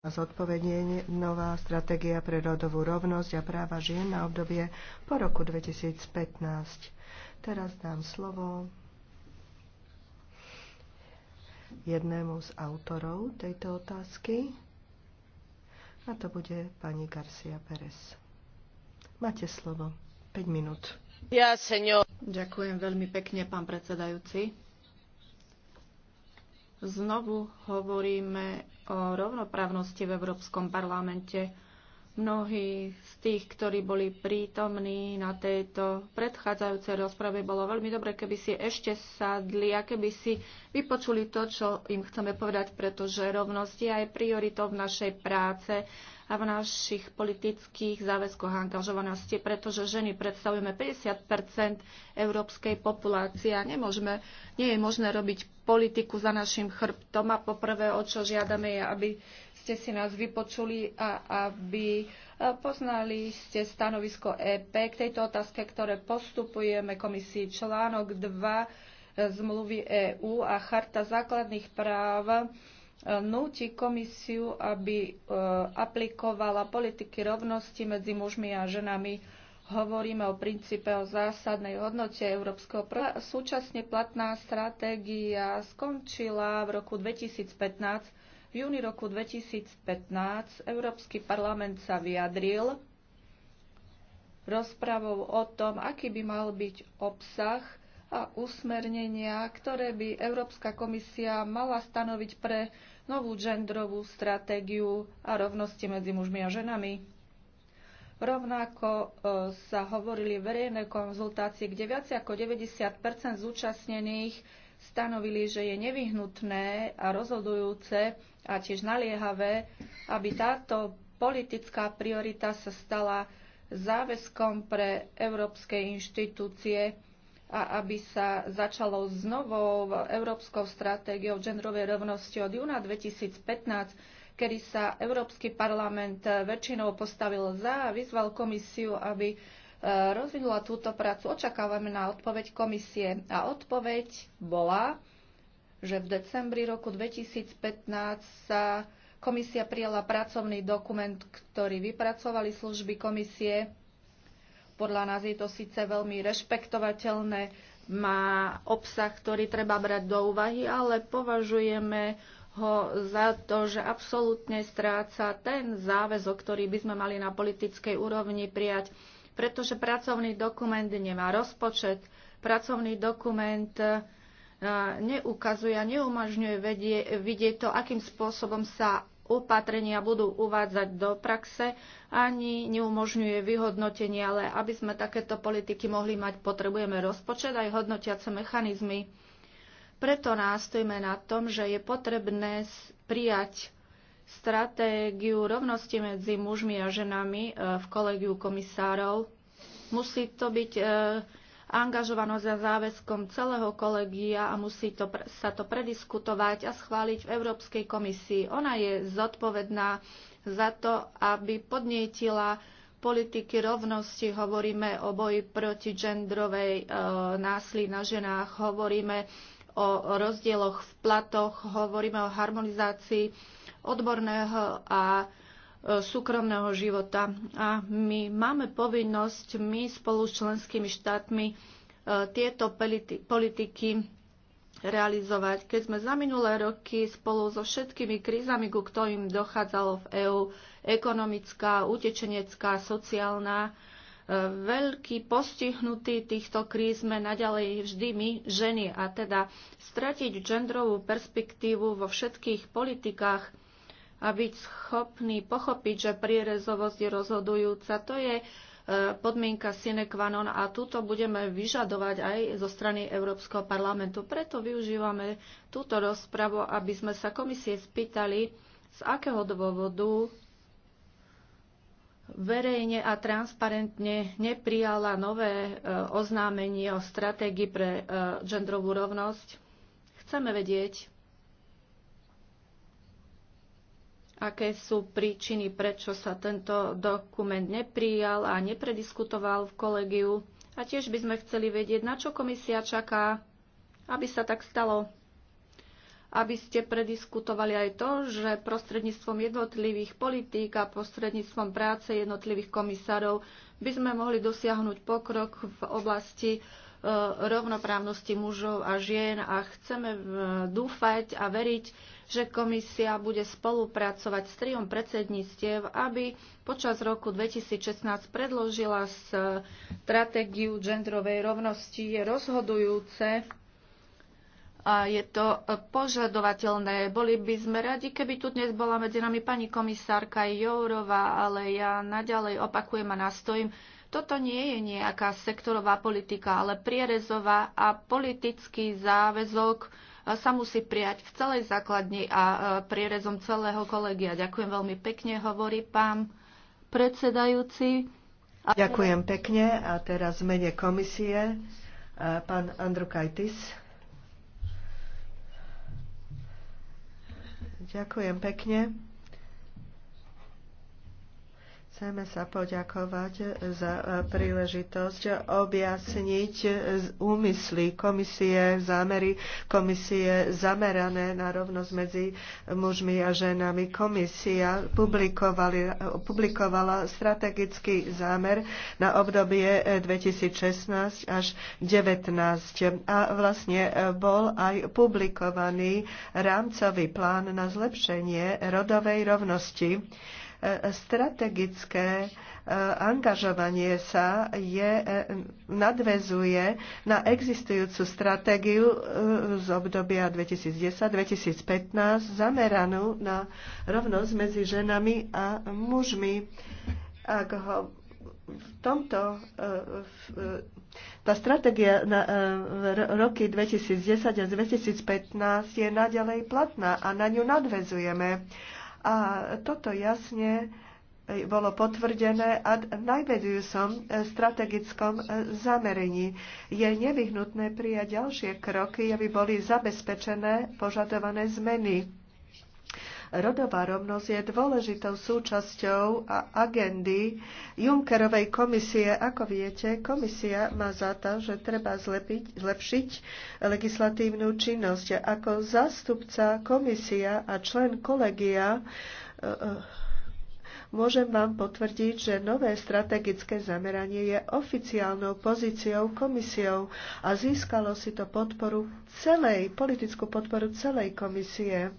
zodpovedenie nová stratégia pre rodovú rovnosť a práva žien na obdobie po roku 2015. Teraz dám slovo jednému z autorov tejto otázky a to bude pani Garcia Perez. Máte slovo. 5 minút. Ja, senor. Ďakujem veľmi pekne, pán predsedajúci. Znovu hovoríme o rovnoprávnosti v Európskom parlamente Mnohí z tých, ktorí boli prítomní na tejto predchádzajúcej rozprave, bolo veľmi dobre, keby si ešte sadli a keby si vypočuli to, čo im chceme povedať, pretože rovnosť je aj prioritou v našej práce a v našich politických záväzkoch angažovanosti, pretože ženy predstavujeme 50 európskej populácie a nemôžeme, nie je možné robiť politiku za našim chrbtom a poprvé, o čo žiadame je, aby ste si nás vypočuli a aby e, poznali ste stanovisko EP k tejto otázke, ktoré postupujeme komisii článok 2 e, zmluvy EÚ a Charta základných práv e, núti komisiu, aby aplikovala politiky rovnosti medzi mužmi a ženami. Hovoríme o princípe o zásadnej hodnote európskeho práva. Súčasne platná stratégia skončila v roku 2015 v júni roku 2015 Európsky parlament sa vyjadril rozpravou o tom, aký by mal byť obsah a usmernenia, ktoré by Európska komisia mala stanoviť pre novú genderovú stratégiu a rovnosti medzi mužmi a ženami. Rovnako e, sa hovorili verejné konzultácie, kde viac ako 90 zúčastnených stanovili, že je nevyhnutné a rozhodujúce a tiež naliehavé, aby táto politická priorita sa stala záväzkom pre európske inštitúcie a aby sa začalo s novou európskou stratégiou genderovej rovnosti od júna 2015, kedy sa Európsky parlament väčšinou postavil za a vyzval komisiu, aby Eh, rozvinula túto prácu. Očakávame na odpoveď komisie. A odpoveď bola, že v decembri roku 2015 sa komisia prijala pracovný dokument, ktorý vypracovali služby komisie. Podľa nás je to síce veľmi rešpektovateľné, má obsah, ktorý treba brať do úvahy, ale považujeme ho za to, že absolútne stráca ten záväzok, ktorý by sme mali na politickej úrovni prijať pretože pracovný dokument nemá rozpočet, pracovný dokument e, neukazuje a neumožňuje vidieť to, akým spôsobom sa opatrenia budú uvádzať do praxe, ani neumožňuje vyhodnotenie, ale aby sme takéto politiky mohli mať, potrebujeme rozpočet aj hodnotiace mechanizmy. Preto nástojme na tom, že je potrebné prijať stratégiu rovnosti medzi mužmi a ženami e, v kolegiu komisárov. Musí to byť e, angažovanosť za záväzkom celého kolegia a musí to, sa to prediskutovať a schváliť v Európskej komisii. Ona je zodpovedná za to, aby podnietila politiky rovnosti, hovoríme o boji proti gendrovej e, násli na ženách, hovoríme o rozdieloch v platoch, hovoríme o harmonizácii odborného a e, súkromného života. A my máme povinnosť, my spolu s členskými štátmi, e, tieto politiky realizovať. Keď sme za minulé roky spolu so všetkými krízami, ku ktorým dochádzalo v EÚ, ekonomická, utečenecká, sociálna, e, veľký postihnutý týchto kríz sme naďalej vždy my, ženy, a teda stratiť genderovú perspektívu vo všetkých politikách a byť schopný pochopiť, že prierezovosť je rozhodujúca. To je e, podmienka sine qua non a túto budeme vyžadovať aj zo strany Európskeho parlamentu. Preto využívame túto rozpravu, aby sme sa komisie spýtali, z akého dôvodu verejne a transparentne neprijala nové e, oznámenie o stratégii pre e, genderovú rovnosť. Chceme vedieť, aké sú príčiny, prečo sa tento dokument neprijal a neprediskutoval v kolegiu. A tiež by sme chceli vedieť, na čo komisia čaká, aby sa tak stalo. Aby ste prediskutovali aj to, že prostredníctvom jednotlivých politík a prostredníctvom práce jednotlivých komisárov by sme mohli dosiahnuť pokrok v oblasti e, rovnoprávnosti mužov a žien a chceme e, dúfať a veriť, že komisia bude spolupracovať s triom predsedníctiev, aby počas roku 2016 predložila e, stratégiu genderovej rovnosti. Je rozhodujúce, a je to e, požadovateľné. Boli by sme radi, keby tu dnes bola medzi nami pani komisárka Jourová, ale ja naďalej opakujem a nastojím, toto nie je nejaká sektorová politika, ale prierezová a politický záväzok, sa musí prijať v celej základni a e, prierezom celého kolegia. Ďakujem veľmi pekne, hovorí pán predsedajúci. A... Ďakujem pekne a teraz v mene komisie e, pán Andrukajtis. Ďakujem pekne. Chceme sa poďakovať za e, príležitosť objasniť e, úmysly komisie, zámery komisie zamerané na rovnosť medzi mužmi a ženami. Komisia publikovala strategický zámer na obdobie 2016 e, až 2019 a vlastne bol aj publikovaný rámcový plán na zlepšenie rodovej rovnosti strategické e, angažovanie sa je, e, nadvezuje na existujúcu stratégiu e, z obdobia 2010-2015 zameranú na rovnosť medzi ženami a mužmi. Ak ho v tomto tá stratégia na roky 2010 a 2015 je naďalej platná a na ňu nadvezujeme. A toto jasne e, bolo potvrdené a najvedujúcom e, strategickom e, zamerení. Je nevyhnutné prijať ďalšie kroky, aby boli zabezpečené požadované zmeny Rodová rovnosť je dôležitou súčasťou a agendy Junckerovej komisie. Ako viete, komisia má za to, že treba zlepiť, zlepšiť legislatívnu činnosť. Ako zástupca komisia a člen kolegia e, e, Môžem vám potvrdiť, že nové strategické zameranie je oficiálnou pozíciou komisiou a získalo si to podporu celej, politickú podporu celej komisie.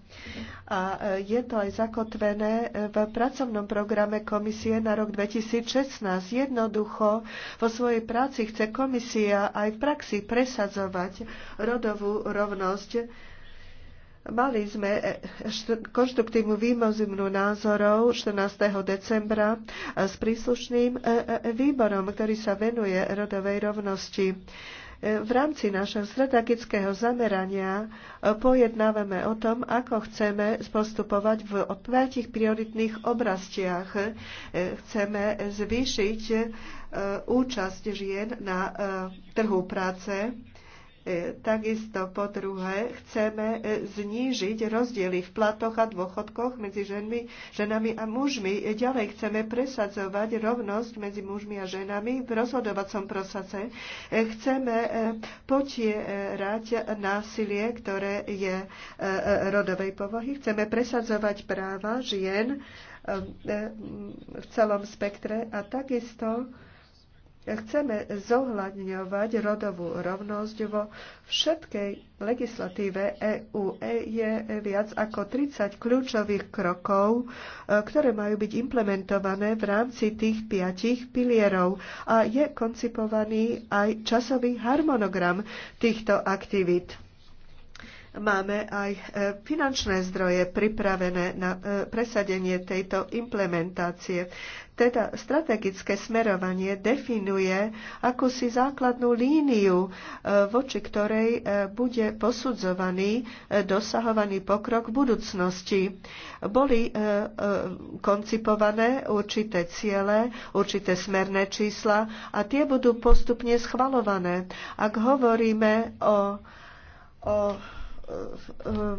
A e, je to aj zakotvené e, v pracovnom programe komisie na rok 2016. Jednoducho vo svojej práci chce komisia aj v praxi presadzovať rodovú rovnosť Mali sme e, konštruktívnu výmozimnú názorov 14. decembra e, s príslušným e, výborom, ktorý sa venuje rodovej rovnosti. V rámci našeho strategického zamerania pojednávame o tom, ako chceme postupovať v piatich prioritných oblastiach. Chceme zvýšiť účasť žien na trhu práce E, takisto po druhé chceme e, znížiť rozdiely v platoch a dôchodkoch medzi ženmi, ženami a mužmi. E, ďalej chceme presadzovať rovnosť medzi mužmi a ženami v rozhodovacom procese. Chceme potierať násilie, ktoré je rodovej povahy. Chceme presadzovať práva žien v celom spektre a takisto chceme zohľadňovať rodovú rovnosť vo všetkej legislatíve EÚ. E je viac ako 30 kľúčových krokov, e, ktoré majú byť implementované v rámci tých piatich pilierov a je koncipovaný aj časový harmonogram týchto aktivít máme aj e, finančné zdroje pripravené na e, presadenie tejto implementácie. Teda strategické smerovanie definuje akúsi základnú líniu, e, voči ktorej bude posudzovaný dosahovaný pokrok v budúcnosti. Boli koncipované určité ciele, určité smerné čísla a tie budú postupne schvalované. Ak hovoríme o, o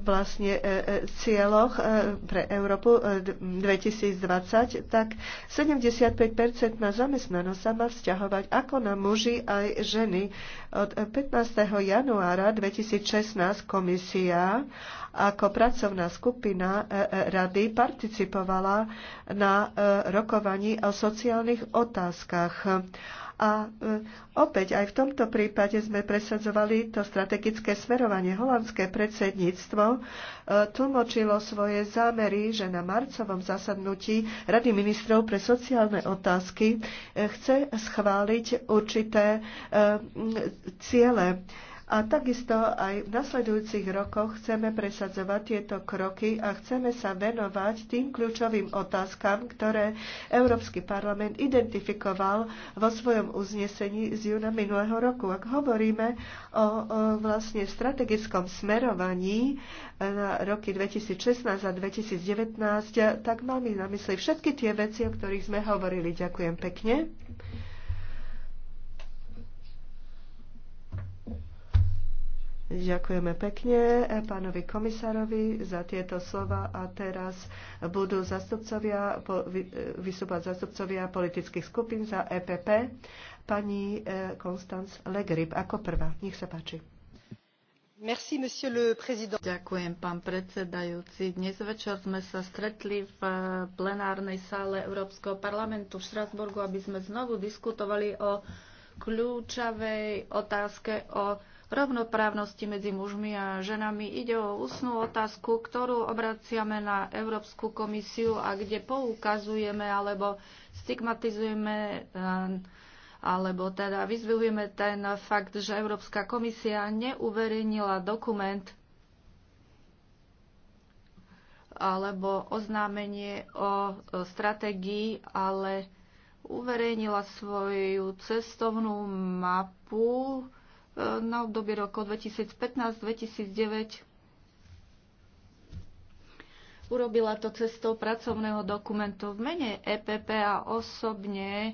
vlastne e, e, cieľoch e, pre Európu 2020, tak 75 na zamestnanosť sa má vzťahovať ako na muži aj ženy. Od 15. januára 2016 komisia ako pracovná skupina rady participovala na rokovaní o sociálnych otázkach a e, opäť aj v tomto prípade sme presadzovali to strategické smerovanie. Holandské predsedníctvo e, tlmočilo svoje zámery, že na marcovom zasadnutí Rady ministrov pre sociálne otázky e, chce schváliť určité ciele a takisto aj v nasledujúcich rokoch chceme presadzovať tieto kroky a chceme sa venovať tým kľúčovým otázkam, ktoré Európsky parlament identifikoval vo svojom uznesení z júna minulého roku. Ak hovoríme o, o vlastne strategickom smerovaní na roky 2016 a 2019, tak máme na mysli všetky tie veci, o ktorých sme hovorili. Ďakujem pekne. Ďakujeme pekne eh, pánovi komisárovi za tieto slova a teraz budú zastupcovia, eh, vystúpať zastupcovia politických skupín za EPP. Pani Konstanc eh, Legrib ako prvá. Nech sa páči. Merci, monsieur le président. Ďakujem, pán predsedajúci. Dnes večer sme sa stretli v plenárnej sále Európskeho parlamentu v Štrasburgu, aby sme znovu diskutovali o kľúčavej otázke o rovnoprávnosti medzi mužmi a ženami. Ide o úsnú otázku, ktorú obraciame na Európsku komisiu a kde poukazujeme alebo stigmatizujeme eh, alebo teda vyzvihujeme ten fakt, že Európska komisia neuverejnila dokument alebo oznámenie o stratégii, ale uverejnila svoju cestovnú mapu na obdobie roku 2015-2009. Urobila to cestou pracovného dokumentu v mene EPP a osobne e,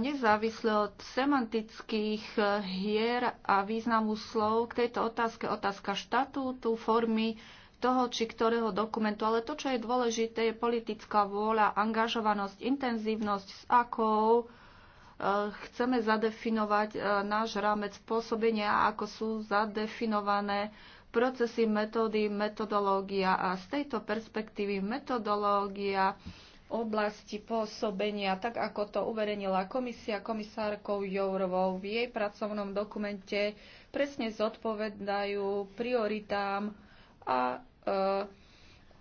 nezávisle od semantických e, hier a významu slov k tejto otázke, otázka štatútu, formy toho či ktorého dokumentu, ale to, čo je dôležité, je politická vôľa, angažovanosť, intenzívnosť, s akou chceme zadefinovať e, náš rámec pôsobenia, ako sú zadefinované procesy, metódy, metodológia a z tejto perspektívy metodológia oblasti pôsobenia, tak ako to uverejnila komisia komisárkou Jourovou v jej pracovnom dokumente, presne zodpovedajú prioritám a e,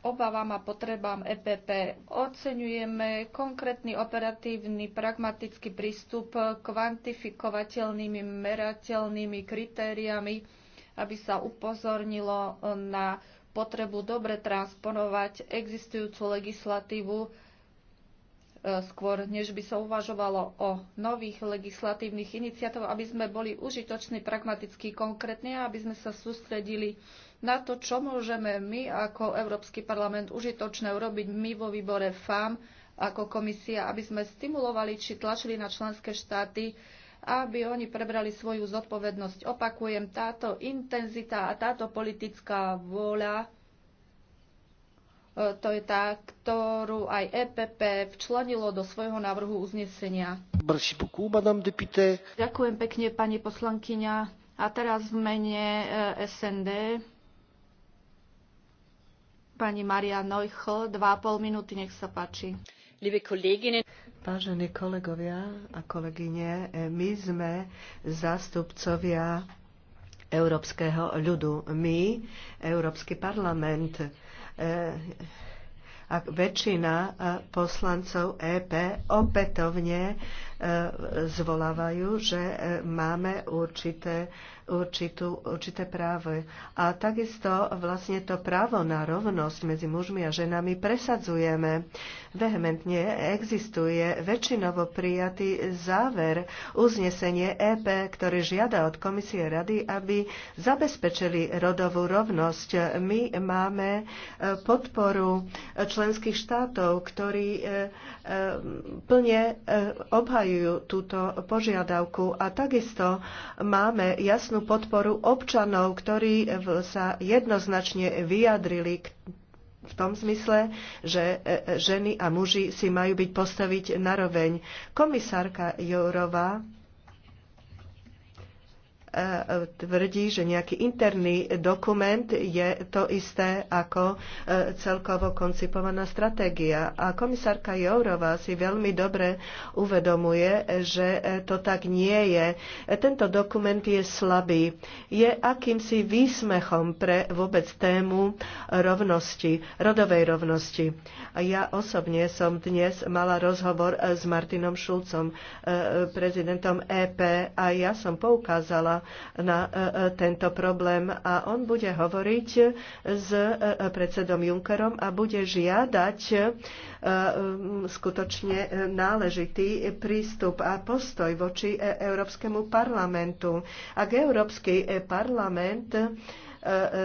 obavám a potrebám EPP. Oceňujeme konkrétny operatívny pragmatický prístup kvantifikovateľnými, merateľnými kritériami, aby sa upozornilo na potrebu dobre transponovať existujúcu legislatívu E, skôr, než by sa uvažovalo o nových legislatívnych iniciatív, aby sme boli užitoční, pragmaticky, konkrétni a aby sme sa sústredili na to, čo môžeme my ako Európsky parlament užitočné urobiť my vo výbore FAM ako komisia, aby sme stimulovali či tlačili na členské štáty, aby oni prebrali svoju zodpovednosť. Opakujem, táto intenzita a táto politická vôľa E, to je tá, ktorú aj EPP včlenilo do svojho návrhu uznesenia. Ďakujem pekne, pani poslankyňa. A teraz v mene e, SND pani Maria Neuchl, pol minúty, nech sa páči. Vážení kolegovia a kolegyne, e, my sme zástupcovia európskeho ľudu. My, Európsky parlament, Eh, a väčšina eh, poslancov EP opätovne eh, zvolávajú, že máme určité určitú, určité právo. A takisto vlastne to právo na rovnosť medzi mužmi a ženami presadzujeme. Vehementne existuje väčšinovo prijatý záver uznesenie EP, ktorý žiada od Komisie rady, aby zabezpečili rodovú rovnosť. My máme e, podporu členských štátov, ktorí e, e, plne obhajujú túto požiadavku a takisto máme jasnú jasnú podporu občanov, ktorí sa jednoznačne vyjadrili k v tom zmysle, že e, e, ženy a muži si majú byť postaviť naroveň. Komisárka Jourová E, tvrdí, že nejaký interný dokument je to isté ako e, celkovo koncipovaná stratégia. A komisárka Jourová si veľmi dobre uvedomuje, že e, to tak nie je. Tento dokument je slabý. Je akýmsi výsmechom pre vôbec tému rovnosti, rodovej rovnosti. Ja osobne som dnes mala rozhovor s Martinom Šulcom, prezidentom EP, a ja som poukázala na e, e, tento problém a on bude hovoriť s e, predsedom Junckerom a bude žiadať skutočne náležitý prístup a postoj voči Európskemu parlamentu. Ak Európsky parlament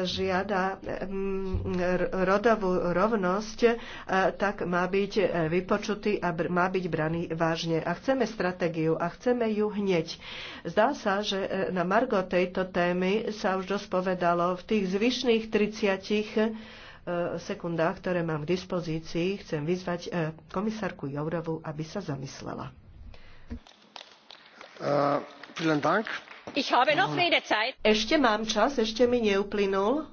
žiada mm, rodovú rovnosť, e, tak má byť vypočutý a má byť braný vážne. A chceme stratégiu a chceme ju hneď. Zdá sa, že e, na margo tejto témy sa už dosť povedalo v tých zvyšných 30 e, sekundách, ktoré mám k dispozícii, chcem vyzvať komisárku Jourovu, aby sa zamyslela. Uh, ešte mám čas, ešte mi neuplynul.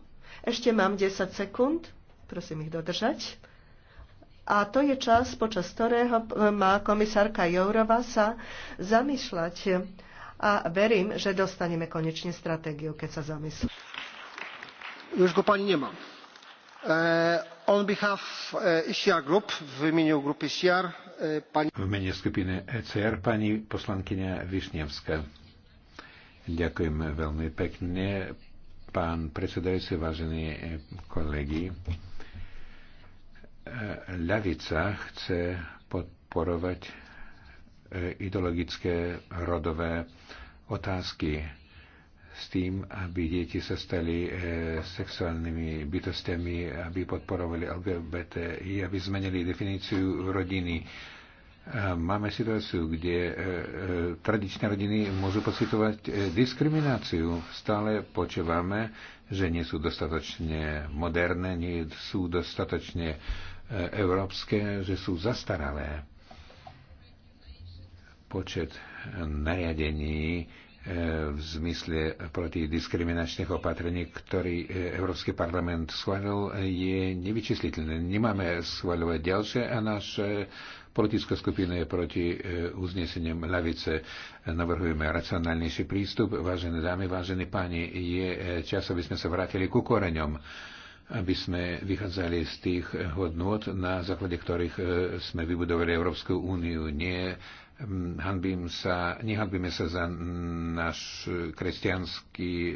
Ešte mám 10 sekúnd. Prosím ich dodržať. A to je čas, počas ktorého má komisárka Jourova sa zamýšľať. A verím, že dostaneme konečne stratégiu, keď sa zamyslí. Už go pani nemám. E, on behalf e, ICR Group, v imieniu grupy ECR, e, pani... V mene skupiny ECR pani poslankyňa Višňavská. Ďakujem veľmi pekne. Pán predsedajúci, vážení kolegy, ľavica chce podporovať e, ideologické rodové otázky s tým, aby deti sa stali e, sexuálnymi bytostiami, aby podporovali LGBTI, aby zmenili definíciu rodiny. Máme situáciu, kde e, e, tradičné rodiny môžu pocitovať e, diskrimináciu. Stále počúvame, že nie sú dostatočne moderné, nie sú dostatočne európske, že sú zastaralé. Počet nariadení E, v zmysle proti diskriminačných opatrení, ktorý e, Európsky parlament schválil, e, je nevyčísliteľné. Nemáme schváľovať ďalšie a naše politická skupina je proti uzneseniam ľavice. Navrhujeme racionálnejší prístup. Vážené dámy, vážení páni, je čas, aby sme sa vrátili ku koreňom aby sme vychádzali z tých hodnot, na základe ktorých sme vybudovali Európsku úniu, nie Ehm, hanbím sa, nehanbíme sa za náš kresťanský eh,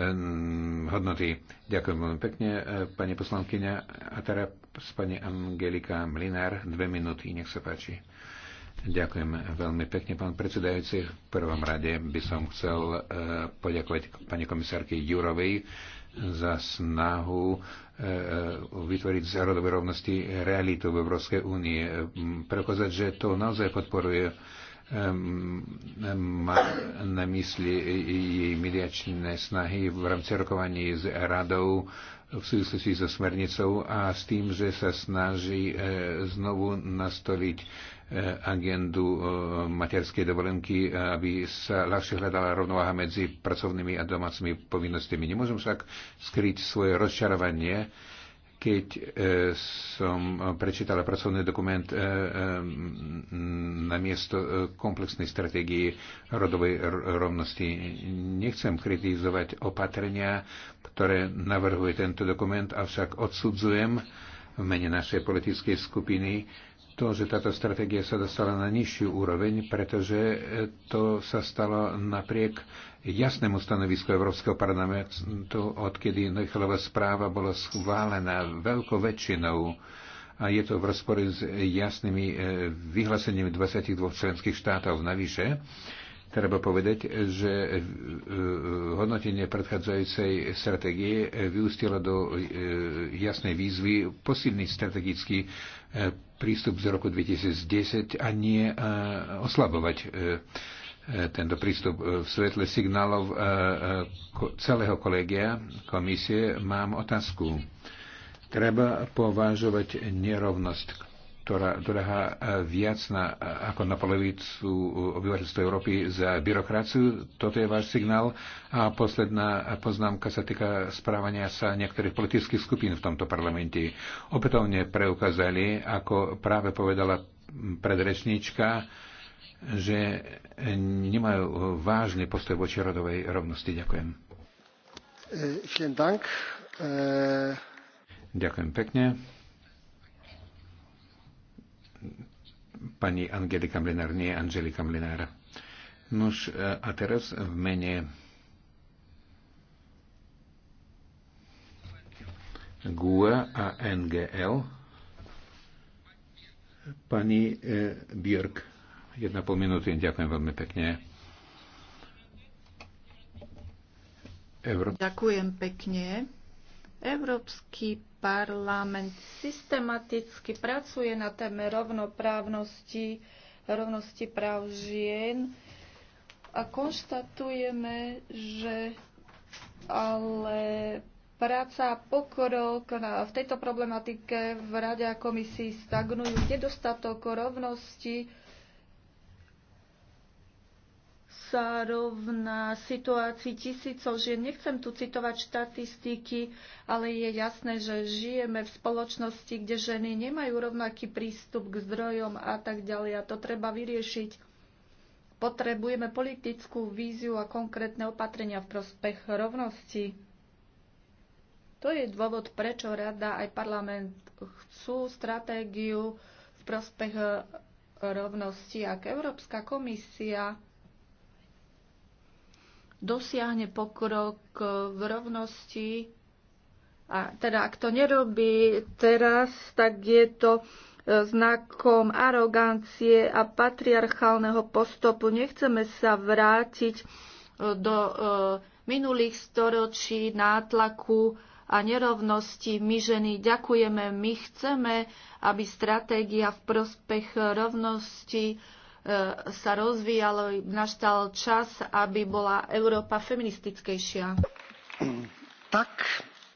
ehm, hodnoty. Ďakujem veľmi pekne, eh, pani poslankyňa. A teraz pani Angelika Mlinár, dve minúty, nech sa páči. Ďakujem veľmi pekne, pán predsedajúci. V prvom rade by som chcel eh, poďakovať pani komisárke Jurovej za snahu e, e, vytvoriť z rodovej rovnosti realitu v Európskej únie. Preukázať, že to naozaj podporuje e, má na mysli jej mediačné snahy v rámci rokovaní s radou v súvislosti so smernicou a s tým, že sa snaží znovu nastoliť E, agendu e, materskej dovolenky, e, aby sa ľahšie hľadala rovnováha medzi pracovnými a domácimi povinnostiami. Nemôžem však skryť svoje rozčarovanie, keď som prečítala pracovný dokument na miesto komplexnej stratégie rodovej rovnosti. Nechcem kritizovať opatrenia, ktoré navrhuje tento dokument, avšak odsudzujem v mene našej politickej skupiny to, že táto stratégia sa dostala na nižšiu úroveň, pretože to sa stalo napriek jasnému stanovisku Európskeho parlamentu, odkedy Nechalová správa bola schválená veľkou väčšinou a je to v rozpore s jasnými eh, vyhláseniami 22 členských štátov. Navyše, Treba povedať, že e, e, hodnotenie predchádzajúcej stratégie e, vyústilo do jasnej výzvy posilniť strategický prístup z roku 2010 a nie oslabovať tento prístup v svetle signálov celého kolegia komisie, mám otázku. Treba považovať nerovnosť ktorá doľahá e, viac na, e, ako na polovicu obyvateľstva Európy za byrokraciu. Toto je váš signál. A posledná poznámka sa týka správania sa niektorých politických skupín v tomto parlamente. Opätovne preukázali, ako práve povedala predrečníčka, že nemajú vážny postoj voči rodovej rovnosti. Ďakujem. E, Ďakujem pekne pani Angelika Mlinár, nie Angelika Mlinár. Nož e, a teraz v mene GUA a NGL pani e, Björk. Jedna pol minúty, ďakujem veľmi pekne. Euró... Ďakujem pekne. Európsky parlament systematicky pracuje na téme rovnoprávnosti, rovnosti práv žien a konštatujeme, že ale práca a pokrok v tejto problematike v Rade a komisii stagnujú. Nedostatok rovnosti sa rovná situácii tisícov žien. Nechcem tu citovať štatistiky, ale je jasné, že žijeme v spoločnosti, kde ženy nemajú rovnaký prístup k zdrojom a tak ďalej. A to treba vyriešiť. Potrebujeme politickú víziu a konkrétne opatrenia v prospech rovnosti. To je dôvod, prečo Rada aj parlament chcú stratégiu v prospech rovnosti, ak Európska komisia dosiahne pokrok eh, v rovnosti. A teda ak to nerobí teraz, tak je to eh, znakom arogancie a patriarchálneho postupu. Nechceme sa vrátiť eh, do minulých storočí nátlaku a nerovnosti. My ženy ďakujeme, my chceme, aby stratégia v prospech rovnosti E, sa rozvíjalo, naštal čas, aby bola Európa feministickejšia. Tak.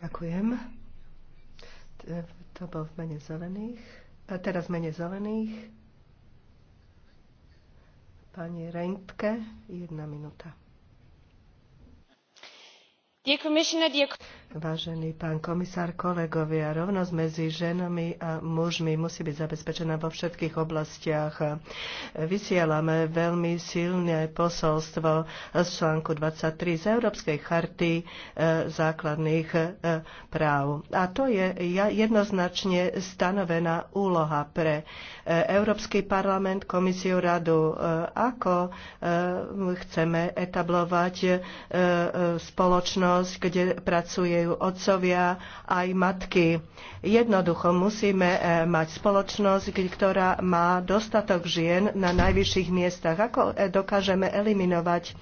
Ďakujem. To bol v mene zelených. A e, teraz v mene zelených. Pani Reintke, jedna minúta. Vážený pán komisár, kolegovia, rovnosť medzi ženami a mužmi musí byť zabezpečená vo všetkých oblastiach. Vysielame veľmi silné posolstvo z článku 23 z Európskej charty e, základných e, práv. A to je jednoznačne stanovená úloha pre e, Európsky parlament, komisiu, radu, ako chceme etablovať spoločnosť spoločnosť, kde pracujú otcovia aj matky. Jednoducho musíme e, mať spoločnosť, ktorá má dostatok žien na najvyšších miestach. Ako e, dokážeme eliminovať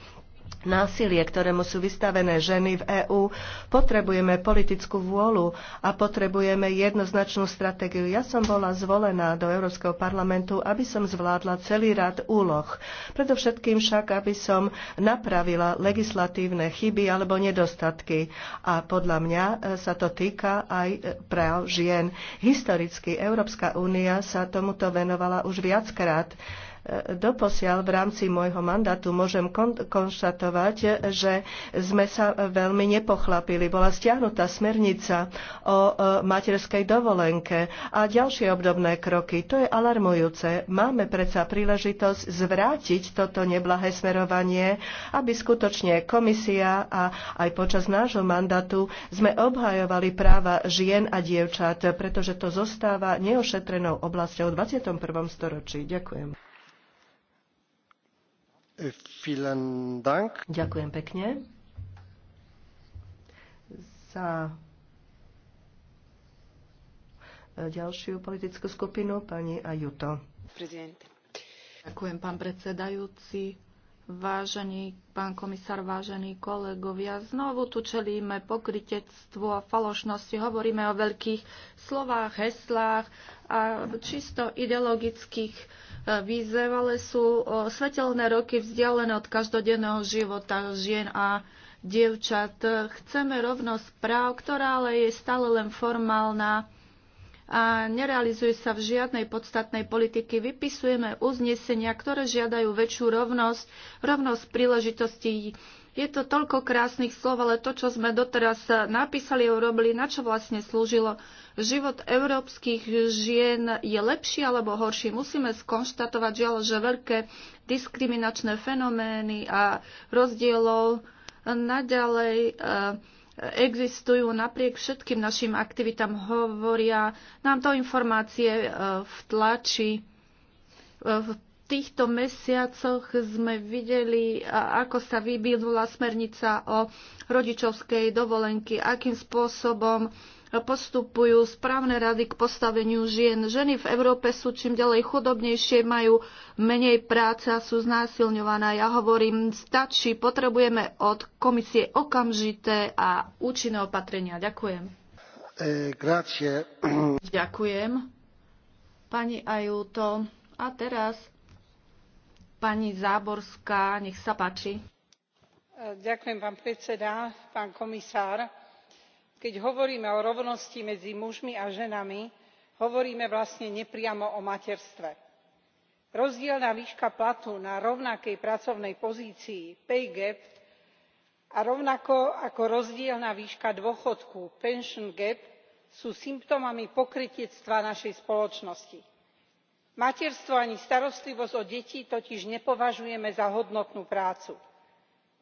násilie, ktorému sú vystavené ženy v EÚ, potrebujeme politickú vôľu a potrebujeme jednoznačnú stratégiu. Ja som bola zvolená do Európskeho parlamentu, aby som zvládla celý rad úloh. Predovšetkým však, aby som napravila legislatívne chyby alebo nedostatky. A podľa mňa e, sa to týka aj e, práv žien. Historicky Európska únia sa tomuto venovala už viackrát. Doposiaľ v rámci môjho mandátu môžem kon- konštatovať, že sme sa veľmi nepochlapili. Bola stiahnutá smernica o e, materskej dovolenke a ďalšie obdobné kroky. To je alarmujúce. Máme predsa príležitosť zvrátiť toto neblahé smerovanie, aby skutočne komisia a aj počas nášho mandátu sme obhajovali práva žien a dievčat, pretože to zostáva neošetrenou oblasťou v 21. storočí. Ďakujem. Ďakujem pekne za e, ďalšiu politickú skupinu, pani Ajuto. Ďakujem, pán predsedajúci. Vážený pán komisár, vážení kolegovia, znovu tu čelíme pokritectvu a falošnosti. Hovoríme o veľkých slovách, heslách a čisto ideologických výzev, ale sú svetelné roky vzdialené od každodenného života žien a dievčat. Chceme rovnosť práv, ktorá ale je stále len formálna a nerealizuje sa v žiadnej podstatnej politiky. Vypisujeme uznesenia, ktoré žiadajú väčšiu rovnosť, rovnosť príležitostí je to toľko krásnych slov, ale to, čo sme doteraz napísali a urobili, na čo vlastne slúžilo. Život európskych žien je lepší alebo horší. Musíme skonštatovať, žiaľ, že veľké diskriminačné fenomény a rozdielov naďalej eh, existujú napriek všetkým našim aktivitám. Hovoria nám to informácie eh, v tlači, eh, v týchto mesiacoch sme videli, ako sa vyvinula smernica o rodičovskej dovolenky, akým spôsobom postupujú správne rady k postaveniu žien. Ženy v Európe sú čím ďalej chudobnejšie, majú menej práce a sú znásilňované. Ja hovorím, stačí, potrebujeme od komisie okamžité a účinné opatrenia. Ďakujem. E, grazie. Ďakujem. Pani Ajuto. A teraz Pani Záborská, nech sa páči. Ďakujem, pán predseda, pán komisár. Keď hovoríme o rovnosti medzi mužmi a ženami, hovoríme vlastne nepriamo o materstve. Rozdielna výška platu na rovnakej pracovnej pozícii pay gap a rovnako ako rozdielna výška dôchodku pension gap sú symptómami pokrytiectva našej spoločnosti materstvo ani starostlivosť o deti totiž nepovažujeme za hodnotnú prácu.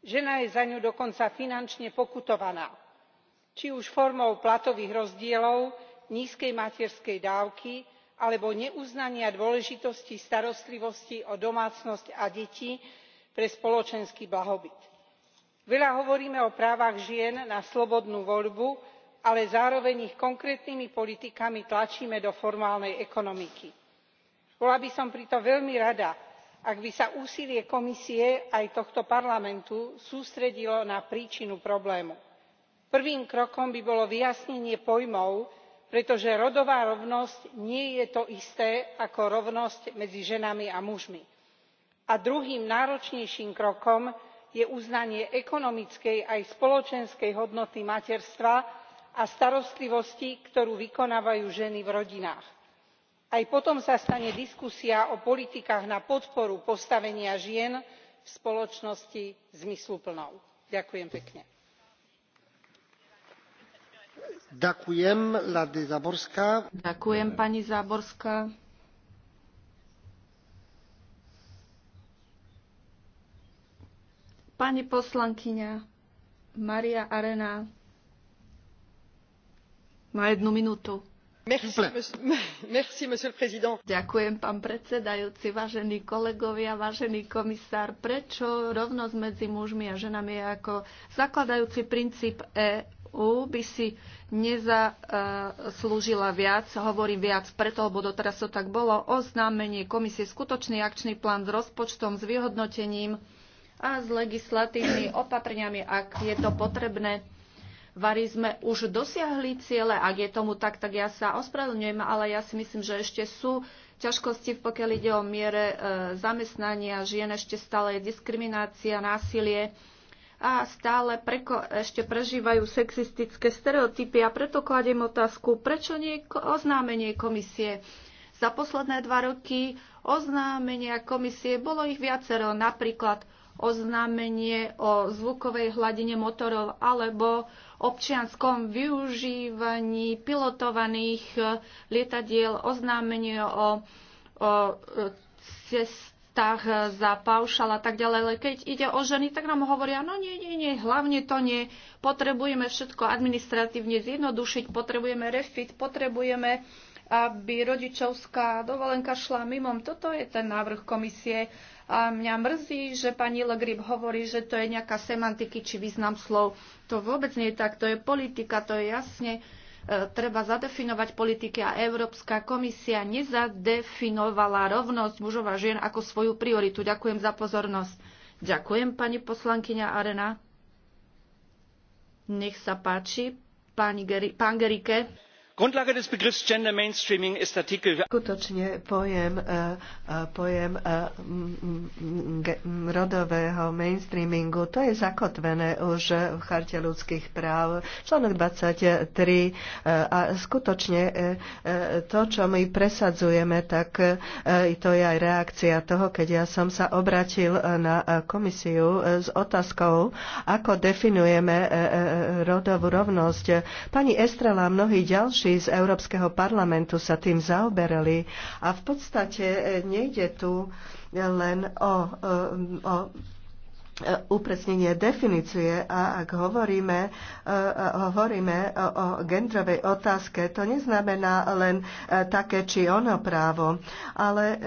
žena je za ňu dokonca finančne pokutovaná či už formou platových rozdielov nízkej materskej dávky alebo neuznania dôležitosti starostlivosti o domácnosť a deti pre spoločenský blahobyt. veľa hovoríme o právach žien na slobodnú voľbu ale zároveň ich konkrétnymi politikami tlačíme do formálnej ekonomiky bola by som preto veľmi rada ak by sa úsilie komisie aj tohto parlamentu sústredilo na príčinu problému. prvým krokom by bolo vyjasnenie pojmov pretože rodová rovnosť nie je to isté ako rovnosť medzi ženami a mužmi. a druhým náročnejším krokom je uznanie ekonomickej aj spoločenskej hodnoty materstva a starostlivosti ktorú vykonávajú ženy v rodinách aj potom sa stane diskusia o politikách na podporu postavenia žien v spoločnosti zmysluplnou. ďakujem pekne. pani záborská. pani poslankyňa maria arena má jednu minútu. Ďakujem, pán predsedajúci, vážení kolegovia, vážený komisár. Prečo rovnosť medzi mužmi a ženami je ako zakladajúci princíp EÚ by si nezaslúžila viac, hovorím viac preto, lebo doteraz to tak bolo, oznámenie komisie skutočný akčný plán s rozpočtom, s vyhodnotením a s legislatívnymi opatreniami, ak je to potrebné Vary sme už dosiahli ciele, ak je tomu tak, tak ja sa ospravedlňujem, ale ja si myslím, že ešte sú ťažkosti, pokiaľ ide o miere e, zamestnania žien, ešte stále je diskriminácia, násilie a stále preko, ešte prežívajú sexistické stereotypy a preto kladiem otázku, prečo nie oznámenie komisie? Za posledné dva roky oznámenia komisie bolo ich viacero, napríklad oznámenie o zvukovej hladine motorov alebo občianskom využívaní pilotovaných eh, lietadiel, oznámenie o, o eh, cestách eh, za paušal a tak ďalej. Ale keď ide o ženy, tak nám hovoria, no nie, nie, nie, hlavne to nie. Potrebujeme všetko administratívne zjednodušiť, potrebujeme refit, potrebujeme aby rodičovská dovolenka šla mimo. Toto je ten návrh komisie. A mňa mrzí, že pani Legrib hovorí, že to je nejaká semantiky či význam slov. To vôbec nie je tak, to je politika, to je jasne. E, treba zadefinovať politiky a Európska komisia nezadefinovala rovnosť mužov a žien ako svoju prioritu. Ďakujem za pozornosť. Ďakujem, pani poslankyňa Arena. Nech sa páči, pani Geri, pán Gerike grundlage des begriffs gender mainstreaming ist artikel. skutočne pojem, eh, eh, pojem eh, rodového mainstreamingu to je zakotvené už v charte ľudských práv článok 23 a skutočne to čo my presadzujeme tak to je aj reakcia toho keď ja som sa obratil na komisiu s otázkou ako definujeme rodovú rovnosť pani Estrela a mnohí ďalší naši z Európskeho parlamentu sa tým zaoberali a v podstate e, nejde tu e, len o, e, o, o E, upresnenie definície a ak hovoríme, e, e, hovoríme o gendrovej otázke, to neznamená len také či ono právo, ale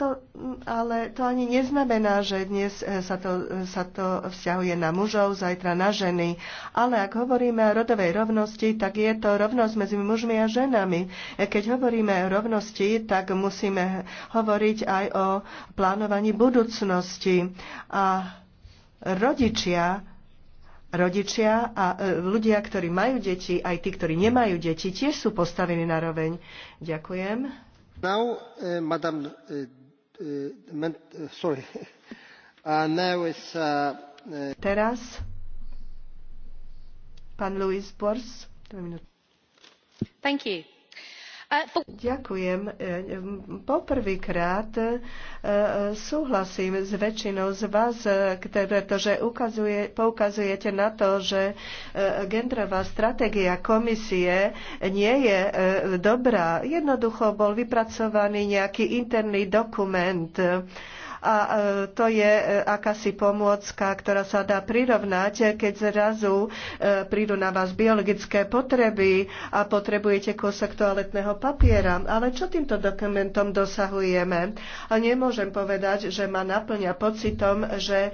to, ale to ani neznamená, že dnes sa to, sa to vzťahuje na mužov, zajtra na ženy. Ale ak hovoríme o rodovej rovnosti, tak je to rovnosť medzi mužmi a ženami. Keď hovoríme o rovnosti, tak musíme hovoriť aj o plánovaní budúcnosti. A rodičia rodičia a e, ľudia, ktorí majú deti, aj tí, ktorí nemajú deti, tiež sú postavení na roveň. Ďakujem. Now, e, e, e, uh, madam, uh, uh, men, uh, sorry. Uh, now is, uh, uh... Teraz pán Luis Bors. Thank you Ďakujem. Poprvýkrát e, súhlasím s väčšinou z vás, pretože ukazuje, poukazujete na to, že e, gendrová stratégia komisie nie je e, dobrá. Jednoducho bol vypracovaný nejaký interný dokument a e, to je e, akási pomôcka, ktorá sa dá prirovnať, e, keď zrazu prídu na vás biologické potreby a potrebujete kúsok toaletného papiera. Ale čo týmto dokumentom dosahujeme? A nemôžem povedať, že ma naplňa pocitom, že,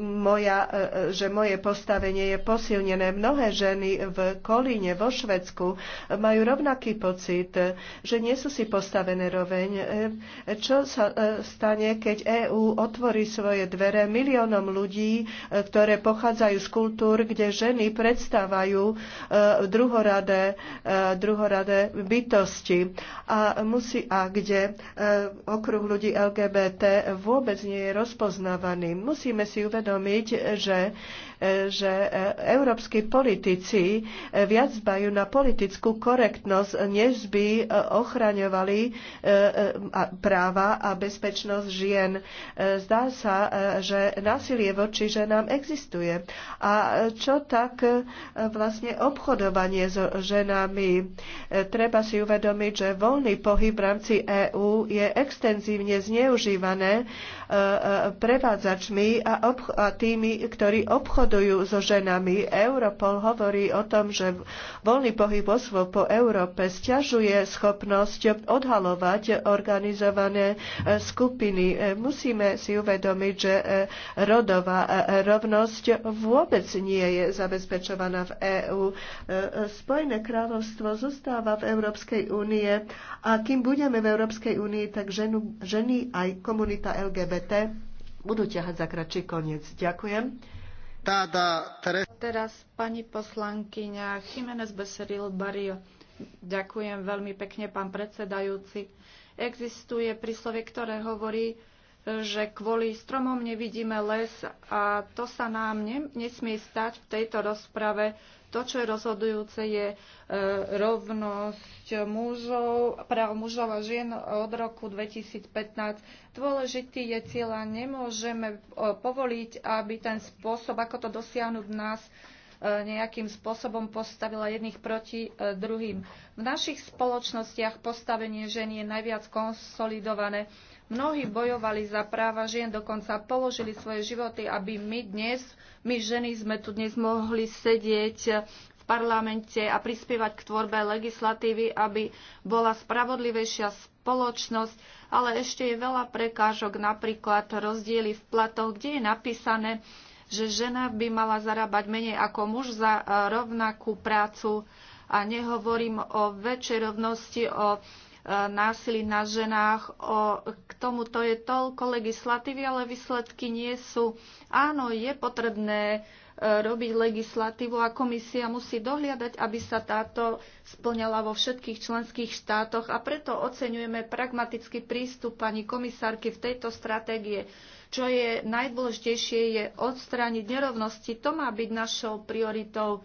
moja, že moje postavenie je posilnené. Mnohé ženy v Kolíne, vo Švedsku majú rovnaký pocit, že nie sú si postavené roveň. Čo sa stane deje, keď EÚ otvorí svoje dvere miliónom ľudí, e, ktoré pochádzajú z kultúr, kde ženy predstávajú e, druhoradé, e, druhoradé bytosti a, musí, a kde okruh ľudí LGBT vôbec nie je rozpoznávaný. Musíme si uvedomiť, že že e, európsky politici e, viac dbajú na politickú korektnosť, než by e, ochraňovali práva a bezpečnosť žien. Zdá sa, že násilie voči ženám existuje. A čo tak vlastne obchodovanie s ženami? Treba si uvedomiť, že voľný pohyb v rámci EÚ je extenzívne zneužívané prevádzačmi a, a tými, ktorí obchodujú obchodujú so ženami. Europol hovorí o tom, že voľný pohyb osôb po Európe stiažuje schopnosť odhalovať organizované e, skupiny. E, musíme si uvedomiť, že e, rodová rovnosť vôbec nie je zabezpečovaná v EÚ. Spojené kráľovstvo zostáva v Európskej únie a kým budeme v Európskej únii, tak ženu, ženy aj komunita LGBT budú ťahať za kratší koniec. Ďakujem. Teraz pani poslankyňa Jiménez Beseril Barrio. Ďakujem veľmi pekne, pán predsedajúci. Existuje príslovie, ktoré hovorí, že kvôli stromom nevidíme les a to sa nám ne, nesmie stať v tejto rozprave. To, čo je rozhodujúce, je e, rovnosť mužov, práv mužov a žien od roku 2015. Dôležitý je cieľ a nemôžeme e, povoliť, aby ten spôsob, ako to dosiahnuť nás, e, nejakým spôsobom postavila jedných proti druhým. V našich spoločnostiach postavenie ženy je najviac konsolidované Mnohí bojovali za práva žien, dokonca položili svoje životy, aby my dnes, my ženy sme tu dnes mohli sedieť v parlamente a prispievať k tvorbe legislatívy, aby bola spravodlivejšia spoločnosť, ale ešte je veľa prekážok, napríklad rozdiely v platoch, kde je napísané, že žena by mala zarábať menej ako muž za eh, rovnakú prácu. A nehovorím o väčšej rovnosti, o násilí na ženách. O, k tomuto je toľko legislatívy, ale výsledky nie sú. Áno, je potrebné e, robiť legislatívu a komisia musí dohliadať, aby sa táto splňala vo všetkých členských štátoch a preto oceňujeme pragmatický prístup pani komisárky v tejto stratégie. Čo je najdôležitejšie, je odstrániť nerovnosti. To má byť našou prioritou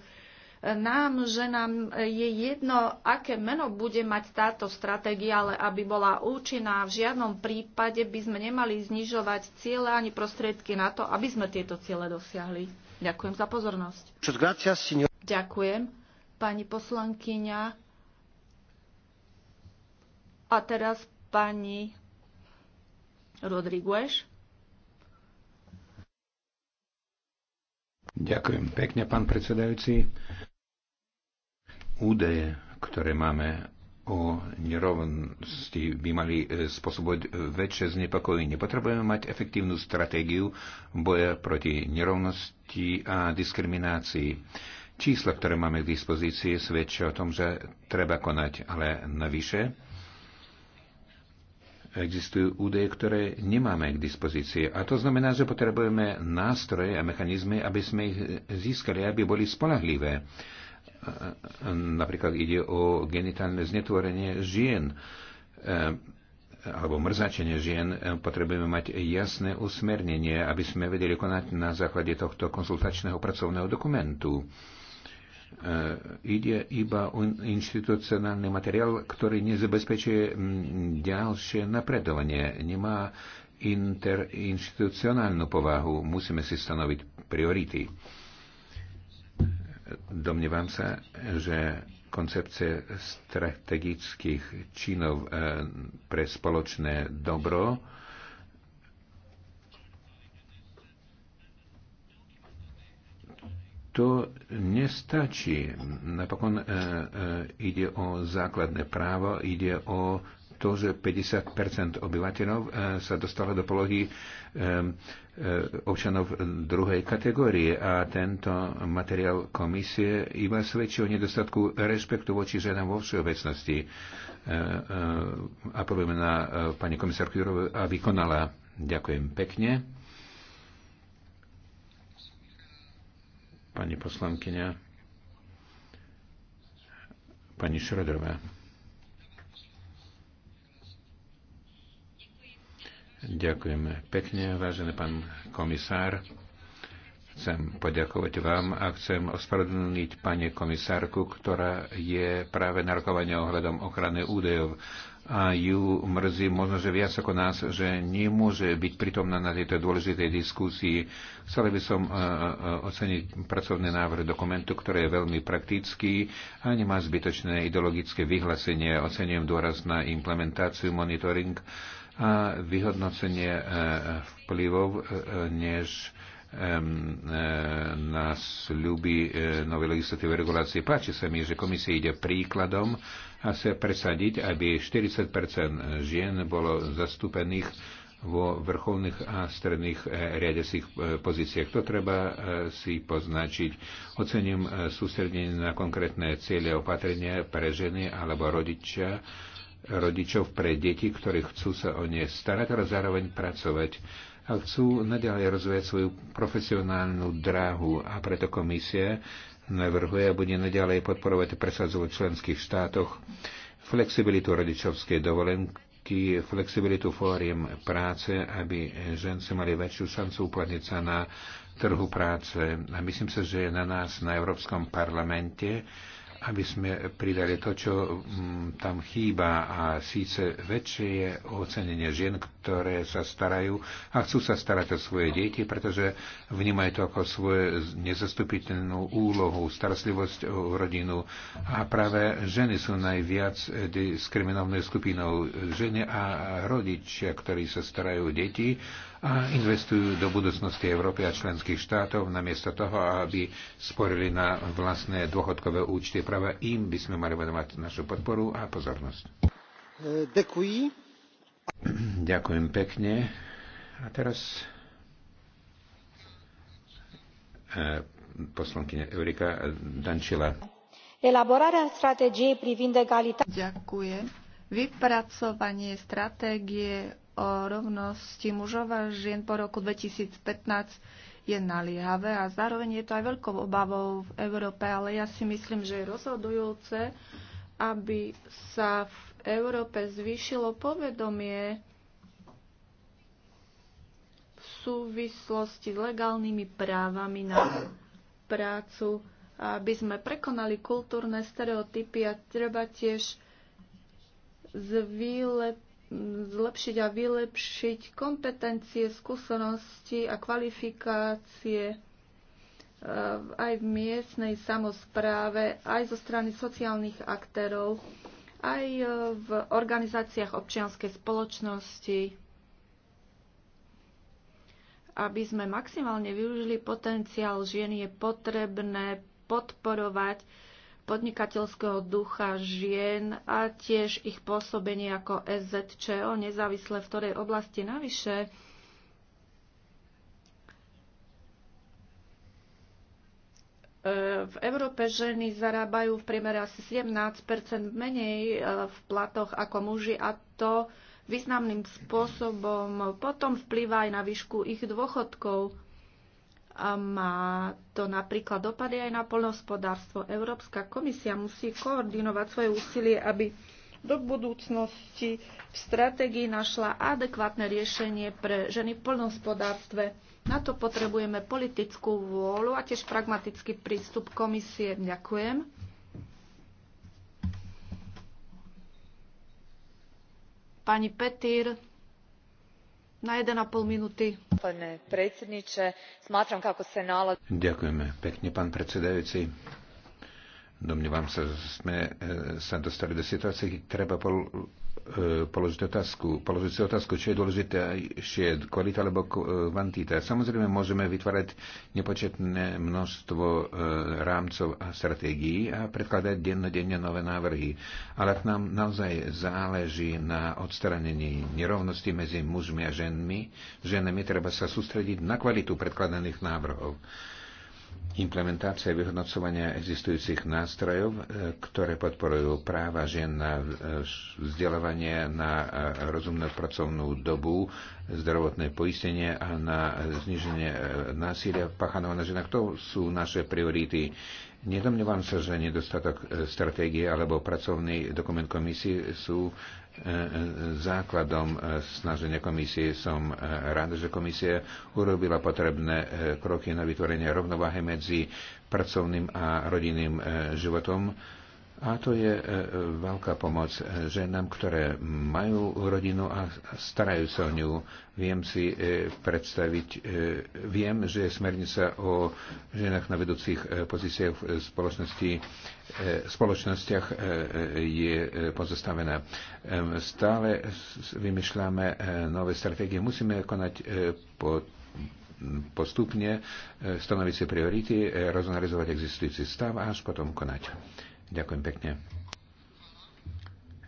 nám, že nám je jedno, aké meno bude mať táto stratégia, ale aby bola účinná, v žiadnom prípade by sme nemali znižovať ciele ani prostriedky na to, aby sme tieto ciele dosiahli. Ďakujem za pozornosť. Ďakujem, pani poslankyňa. A teraz pani Rodriguez. Ďakujem pekne, pán predsedajúci. Údaje, ktoré máme o nerovnosti by mali e, spôsobovať väčšie znepokojenie. Potrebujeme mať efektívnu stratégiu boja proti nerovnosti a diskriminácii. Čísla, ktoré máme k dispozícii, svedčia o tom, že treba konať, ale navyše existujú údaje, ktoré nemáme k dispozícii. A to znamená, že potrebujeme nástroje a mechanizmy, aby sme ich získali, aby boli spolahlivé Napríklad ide o genitálne znetvorenie žien eh, alebo mrzačenie žien, eh, potrebujeme mať jasné usmernenie, aby sme vedeli konať na základe tohto konsultačného pracovného dokumentu. Eh, ide iba o inštitucionálny materiál, ktorý nezabezpečuje hm, ďalšie napredovanie, nemá interinstitucionálnu povahu, musíme si stanoviť priority. Domnievam sa, že koncepcie strategických činov e, pre spoločné dobro to nestačí. Napokon e, e, ide o základné právo, ide o to, že 50 obyvateľov sa dostalo do polohy E, občanov druhej kategórie a tento materiál komisie iba svedčí o nedostatku rešpektu voči ženám vo všeobecnosti. E, e, Apelujem na pani komisárku Jurovu, aby konala. Ďakujem pekne. Pani poslankyňa, pani Šrodorová. Ďakujem pekne, vážený pán komisár. Chcem poďakovať vám a chcem ospravedlniť pani komisárku, ktorá je práve na rokovanie ohľadom ochrany údajov a ju mrzí možno, že viac ako nás, že nemôže byť pritomná na tejto dôležitej diskusii. Chcel by som oceniť pracovný návrh dokumentu, ktorý je veľmi praktický a nemá zbytočné ideologické vyhlásenie. Ocenujem dôraz na implementáciu, monitoring a vyhodnocenie e, vplyvov, e, než e, na ľubí novej legislatívy regulácie. Páči sa mi, že komisie ide príkladom a sa presadiť, aby 40 žien bolo zastúpených vo vrcholných a stredných riadiacich pozíciách. To treba si poznačiť. Ocením sústredenie na konkrétne cieľe opatrenia pre ženy alebo rodičia, rodičov pre deti, ktorí chcú sa o ne starať, ale zároveň pracovať a chcú naďalej rozvíjať svoju profesionálnu dráhu a preto komisia navrhuje a bude naďalej podporovať a presadzovať v členských štátoch flexibilitu rodičovskej dovolenky, flexibilitu fóriem práce, aby ženci mali väčšiu šancu uplatniť sa na trhu práce. A myslím sa, že je na nás na Európskom parlamente aby sme pridali to, čo mm, tam chýba a síce väčšie je ocenenie žien, ktoré sa starajú a chcú sa starať o svoje deti, pretože vnímajú to ako svoju nezastupiteľnú úlohu, starostlivosť o rodinu. A práve ženy sú najviac diskriminovanou skupinou. Ženy a rodičia, ktorí sa starajú o deti, a investujú do budúcnosti Európy a členských štátov, namiesto toho, aby sporili na vlastné dôchodkové účty. Práve im by sme mali venovať našu podporu a pozornosť. Ďakujem. Ďakujem pekne. A teraz eh, poslankyňa Eurika Dančila. Ďakujem. Vypracovanie stratégie o rovnosti mužov a žien po roku 2015 je naliehavé a zároveň je to aj veľkou obavou v Európe, ale ja si myslím, že je rozhodujúce, aby sa v Európe zvýšilo povedomie v súvislosti s legálnymi právami na prácu, aby sme prekonali kultúrne stereotypy a treba tiež zvýlepiť zlepšiť a vylepšiť kompetencie, skúsenosti a kvalifikácie eh, aj v miestnej samozpráve, aj zo strany sociálnych aktérov, aj eh, v organizáciách občianskej spoločnosti, aby sme maximálne využili potenciál žien, je potrebné podporovať podnikateľského ducha žien a tiež ich pôsobenie ako SZČO, nezávisle v ktorej oblasti navyše. E, v Európe ženy zarábajú v priemere asi 17 menej e, v platoch ako muži a to významným spôsobom potom vplýva aj na výšku ich dôchodkov. A má to napríklad dopady aj na poľnohospodárstvo. Európska komisia musí koordinovať svoje úsilie, aby do budúcnosti v stratégii našla adekvátne riešenie pre ženy v poľnohospodárstve. Na to potrebujeme politickú vôľu a tiež pragmatický prístup komisie. Ďakujem. Pani Petýr gospodine predsjednie smatram kako se nalazi. ďakujeme pekne pán predsedajúci. Domnievam sa, že sme e, sa dostali do situácie, keď treba pol, e, položiť otázku, položiť si otázku, čo je dôležité, či je kvalita alebo e, kvantita. Samozrejme, môžeme vytvárať nepočetné množstvo rámcov a stratégií a predkladať dennodenne nové návrhy. Ale ak nám naozaj záleží na odstranení nerovnosti medzi mužmi a ženmi, ženami treba sa sústrediť na kvalitu predkladaných návrhov implementácia a vyhodnocovania existujúcich nástrojov, e, ktoré podporujú práva žien na e, vzdelávanie, na e, rozumnú pracovnú dobu, zdravotné poistenie a na zniženie násilia páchaného na ženách. To sú naše priority. Nedomňujem sa, že nedostatok stratégie alebo pracovný dokument komisie sú základom e, snaženia komisie. Som e, rád, že komisia urobila potrebné e, kroky na vytvorenie rovnováhy medzi pracovným a rodinným životom a to je e, e, veľká pomoc e, ženám, ktoré majú rodinu a starajú sa o ňu. Viem si predstaviť, viem, že smernica o ženách na vedúcich pozíciách v spoločnosti, spoločnostiach je pozostavená. Stále vymýšľame nové stratégie. Musíme konať po postupne stanoviť si priority, rozanalizovať existujúci stav a až potom konať. Ďakujem pekne.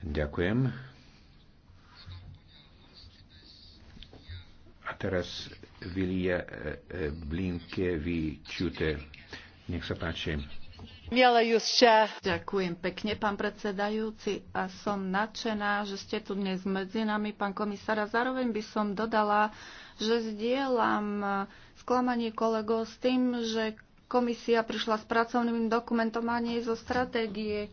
Ďakujem. A teraz Vilia e, e, Blinkevičute. Nech sa páči. Ďakujem pekne, pán predsedajúci. A som nadšená, že ste tu dnes medzi nami, pán komisár. A zároveň by som dodala, že zdieľam sklamanie kolegov s tým, že komisia prišla s pracovným dokumentom a nie zo stratégie.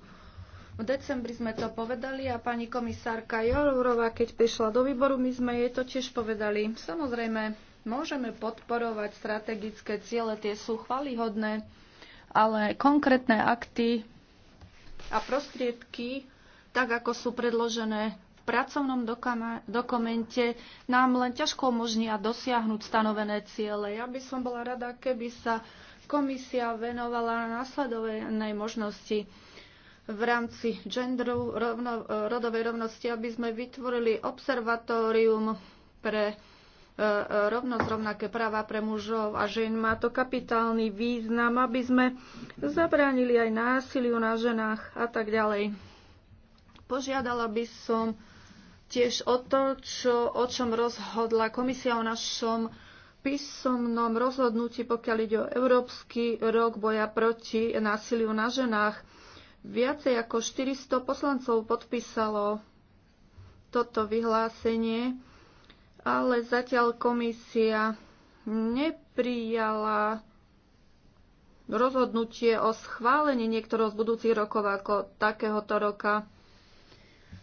V decembri sme to povedali a pani komisárka Jourová, keď prišla do výboru, my sme jej to tiež povedali. Samozrejme, môžeme podporovať strategické ciele, tie sú chvalihodné, ale konkrétne akty a prostriedky, tak ako sú predložené v pracovnom dokumente, nám len ťažko umožnia dosiahnuť stanovené ciele. Ja by som bola rada, keby sa komisia venovala nasledovanej možnosti v rámci genderu, rovno, rodovej rovnosti, aby sme vytvorili observatórium pre e, e, rovnosť, rovnaké práva pre mužov a žien. Má to kapitálny význam, aby sme zabránili aj násiliu na ženách a tak ďalej. Požiadala by som tiež o to, čo, o čom rozhodla komisia o našom písomnom rozhodnutí, pokiaľ ide o Európsky rok boja proti násiliu na ženách. Viacej ako 400 poslancov podpísalo toto vyhlásenie, ale zatiaľ komisia neprijala rozhodnutie o schválení niektorého z budúcich rokov ako takéhoto roka.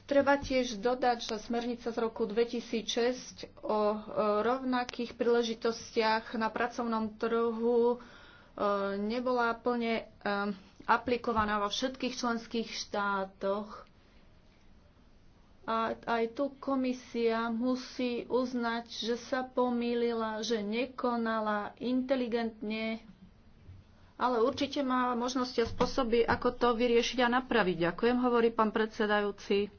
Treba tiež dodať, že smernica z roku 2006 o rovnakých príležitostiach na pracovnom trhu nebola plne e, aplikovaná vo všetkých členských štátoch. A aj tu komisia musí uznať, že sa pomýlila, že nekonala inteligentne, ale určite má možnosti a spôsoby, ako to vyriešiť a napraviť. Ďakujem, hovorí pán predsedajúci.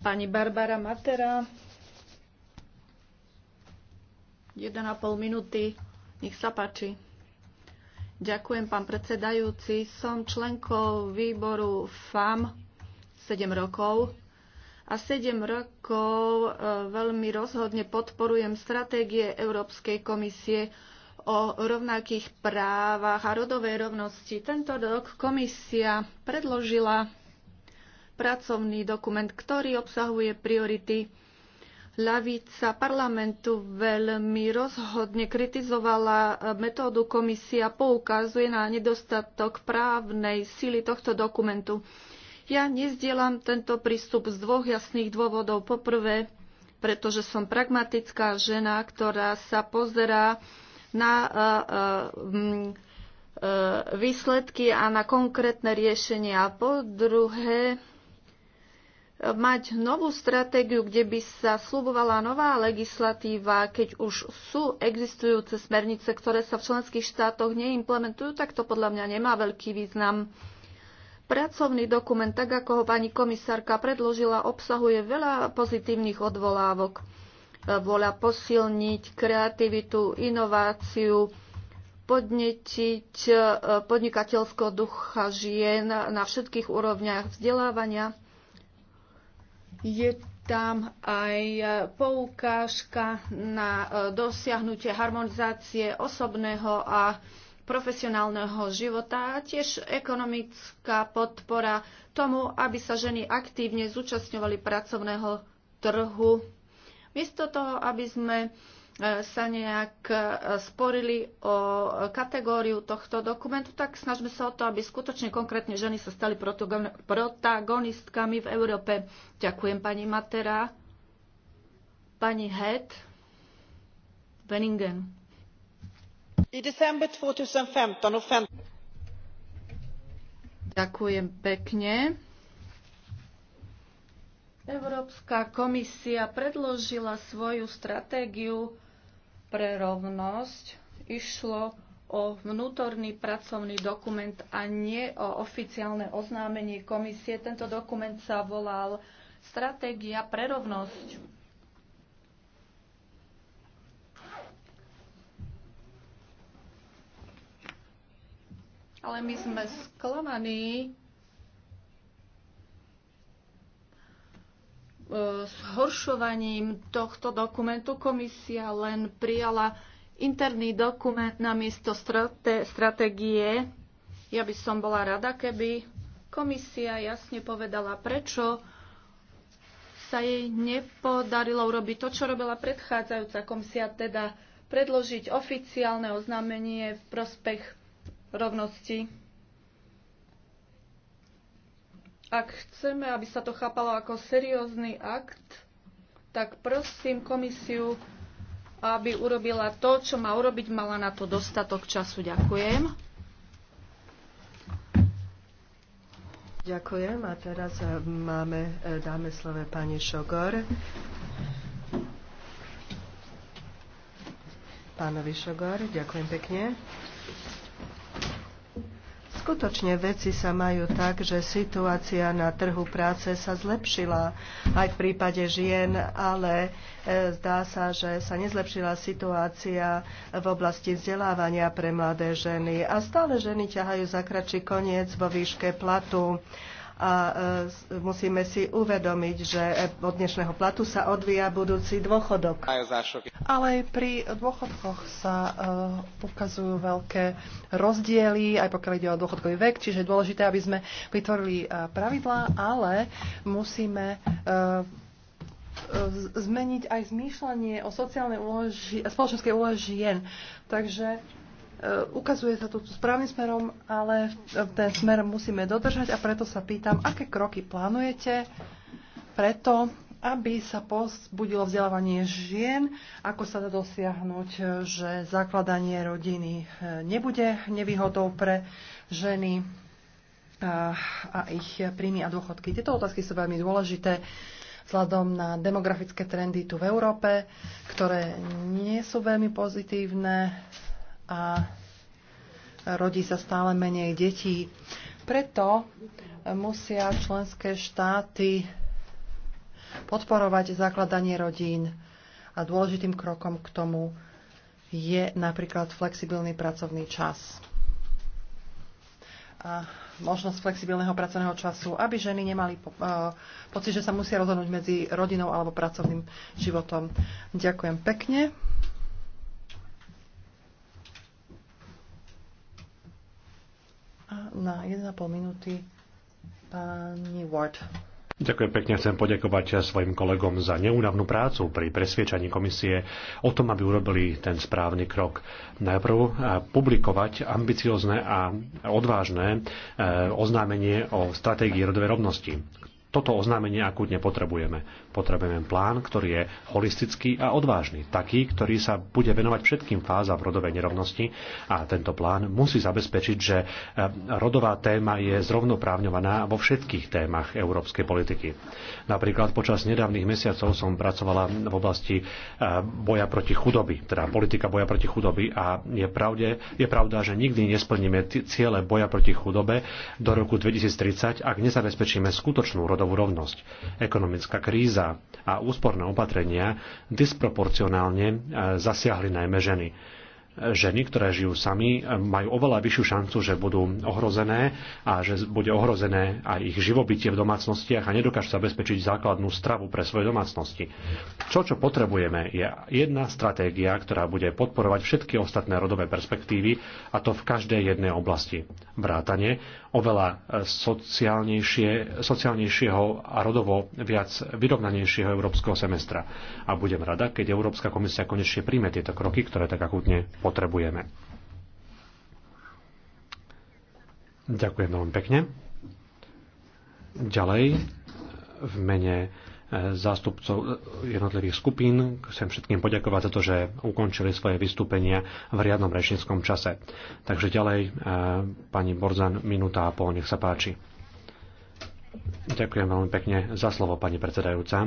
Pani Barbara Matera. 1,5 minúty. Nech sa páči. Ďakujem, pán predsedajúci. Som členkou výboru FAM 7 rokov a 7 rokov e, veľmi rozhodne podporujem stratégie Európskej komisie o rovnakých právach a rodovej rovnosti. Tento rok komisia predložila pracovný dokument, ktorý obsahuje priority. Lavica parlamentu veľmi rozhodne kritizovala metódu komisia, poukazuje na nedostatok právnej sily tohto dokumentu. Ja nezdielam tento prístup z dvoch jasných dôvodov. Poprvé, pretože som pragmatická žena, ktorá sa pozerá na e, e, mm, e, výsledky a na konkrétne riešenia. A po druhé, mať novú stratégiu, kde by sa slubovala nová legislatíva, keď už sú existujúce smernice, ktoré sa v členských štátoch neimplementujú, tak to podľa mňa nemá veľký význam. Pracovný dokument, tak ako ho pani komisárka predložila, obsahuje veľa pozitívnych odvolávok. Vola posilniť kreativitu, inováciu, podnetiť eh, podnikateľského ducha žien na všetkých úrovniach vzdelávania je tam aj e, poukážka na e, dosiahnutie harmonizácie osobného a profesionálneho života a tiež ekonomická podpora tomu, aby sa ženy aktívne zúčastňovali pracovného trhu. Miesto toho, aby sme E, sa nejak e, sporili o kategóriu tohto dokumentu, tak snažme sa o to, aby skutočne konkrétne ženy sa stali protagonistkami v Európe. Ďakujem pani Matera, pani Het, Beningen. I december 2015 Ďakujem pekne. Európska komisia predložila svoju stratégiu pre rovnosť išlo o vnútorný pracovný dokument a nie o oficiálne oznámenie komisie. Tento dokument sa volal Stratégia pre rovnosť. Ale my sme sklamaní, zhoršovaním tohto dokumentu komisia len prijala interný dokument na miesto stratégie. Ja by som bola rada, keby komisia jasne povedala, prečo sa jej nepodarilo urobiť to, čo robila predchádzajúca komisia, teda predložiť oficiálne oznámenie v prospech rovnosti Ak chceme, aby sa to chápalo ako seriózny akt, tak prosím komisiu, aby urobila to, čo má urobiť, mala na to dostatok času. Ďakujem. Ďakujem a teraz e, máme, e, dáme slove pani Šogor. Pánovi Šogor, ďakujem pekne. Skutočne veci sa majú tak, že situácia na trhu práce sa zlepšila aj v prípade žien, ale e, zdá sa, že sa nezlepšila situácia v oblasti vzdelávania pre mladé ženy a stále ženy ťahajú za kratší koniec vo výške platu a e, musíme si uvedomiť, že od dnešného platu sa odvíja budúci dôchodok. Ale pri dôchodkoch sa e, ukazujú veľké rozdiely, aj pokiaľ ide o dôchodkový vek, čiže je dôležité, aby sme vytvorili e, pravidlá, ale musíme zmeniť aj zmýšľanie o sociálnej úloži, spoločenskej úlohe žien. Takže E, ukazuje sa to tu správnym smerom, ale ten smer musíme dodržať a preto sa pýtam, aké kroky plánujete preto, aby sa pozbudilo vzdelávanie žien, ako sa dá dosiahnuť, e, že zakladanie rodiny e, nebude nevýhodou pre ženy a ich príjmy a dôchodky. Tieto otázky sú veľmi dôležité vzhľadom na demografické trendy tu v Európe, ktoré nie sú veľmi pozitívne a rodí sa stále menej detí. Preto musia členské štáty podporovať zakladanie rodín a dôležitým krokom k tomu je napríklad flexibilný pracovný čas. A možnosť flexibilného pracovného času, aby ženy nemali po, uh, pocit, že sa musia rozhodnúť medzi rodinou alebo pracovným životom. Ďakujem pekne. A na 1,5 minúty pani Ward. Ďakujem pekne, chcem poďakovať svojim kolegom za neúnavnú prácu pri presviečaní komisie o tom, aby urobili ten správny krok. Najprv eh, publikovať ambiciozne a odvážne eh, oznámenie o stratégii rodovej rovnosti, toto oznámenie akútne potrebujeme. Potrebujeme plán, ktorý je holistický a odvážny. Taký, ktorý sa bude venovať všetkým fázam rodovej nerovnosti a tento plán musí zabezpečiť, že e, rodová téma je zrovnoprávňovaná vo všetkých témach európskej politiky. Napríklad počas nedávnych mesiacov som pracovala v oblasti e, boja proti chudoby, teda politika boja proti chudoby a je, pravde, je pravda, že nikdy nesplníme ciele boja proti chudobe do roku 2030, ak nezabezpečíme skutočnú rodovú dôchodovú rovnosť. Ekonomická kríza a úsporné opatrenia disproporcionálne e, zasiahli najmä ženy ženy, ktoré žijú sami, e, majú oveľa vyššiu šancu, že budú ohrozené a že bude ohrozené aj ich živobytie v domácnostiach a nedokážu zabezpečiť základnú stravu pre svoje domácnosti. Čo, čo potrebujeme, je jedna stratégia, ktorá bude podporovať všetky ostatné rodové perspektívy, a to v každej jednej oblasti. Vrátane oveľa e, sociálnejšie, sociálnejšieho a rodovo viac vyrovnanejšieho európskeho semestra. A budem rada, keď Európska komisia konečne príjme tieto kroky, ktoré tak akutne potrebujeme. Ďakujem veľmi pekne. Ďalej v mene zástupcov jednotlivých skupín. Chcem všetkým poďakovať za to, že ukončili svoje vystúpenia v riadnom rečníckom čase. Takže ďalej, eh, pani Borzan, minúta a pol, nech sa páči. Ďakujem veľmi pekne za slovo, pani predsedajúca.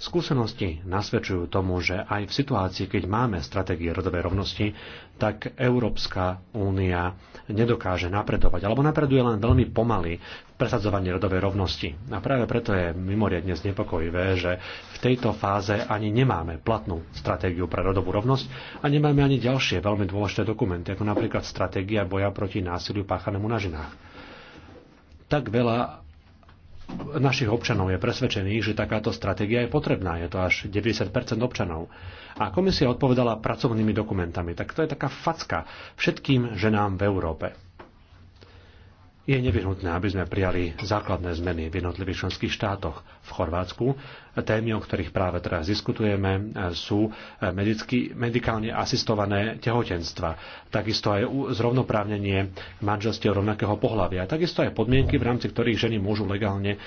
Skúsenosti nasvedčujú tomu, že aj v situácii, keď máme stratégie rodovej rovnosti, tak Európska únia nedokáže napredovať, alebo napreduje len veľmi pomaly v presadzovaní rodovej rovnosti. A práve preto je mimoriadne znepokojivé, že v tejto fáze ani nemáme platnú stratégiu pre rodovú rovnosť a nemáme ani ďalšie veľmi dôležité dokumenty, ako napríklad stratégia boja proti násiliu páchanému na ženách. Tak veľa našich občanov je presvedčených, že takáto stratégia je potrebná. Je to až 90 občanov. A komisia odpovedala pracovnými dokumentami. Tak to je taká facka všetkým ženám v Európe je nevyhnutné, aby sme prijali základné zmeny v jednotlivých členských štátoch v Chorvátsku. Témy, o ktorých práve teraz diskutujeme, sú medicky, medikálne asistované tehotenstva, takisto aj zrovnoprávnenie manželstiev rovnakého pohľavia, takisto aj podmienky, v rámci ktorých ženy môžu legálne e,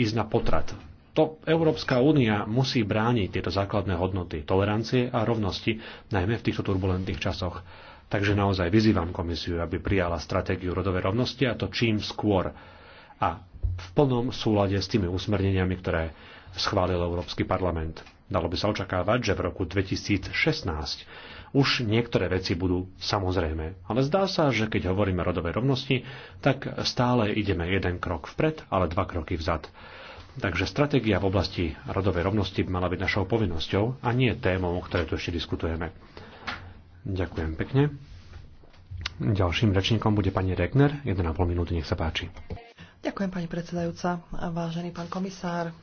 ísť na potrat. To Európska únia musí brániť tieto základné hodnoty tolerancie a rovnosti, najmä v týchto turbulentných časoch. Takže naozaj vyzývam komisiu, aby prijala stratégiu rodovej rovnosti a to čím skôr. A v plnom súlade s tými usmerneniami, ktoré schválil Európsky parlament. Dalo by sa očakávať, že v roku 2016 už niektoré veci budú samozrejme. Ale zdá sa, že keď hovoríme o rodovej rovnosti, tak stále ideme jeden krok vpred, ale dva kroky vzad. Takže stratégia v oblasti rodovej rovnosti by mala byť našou povinnosťou a nie témou, o ktorej tu ešte diskutujeme. Ďakujem pekne. Ďalším rečníkom bude pani Regner. 1,5 minúty, nech sa páči. Ďakujem, pani predsedajúca. Vážený pán komisár,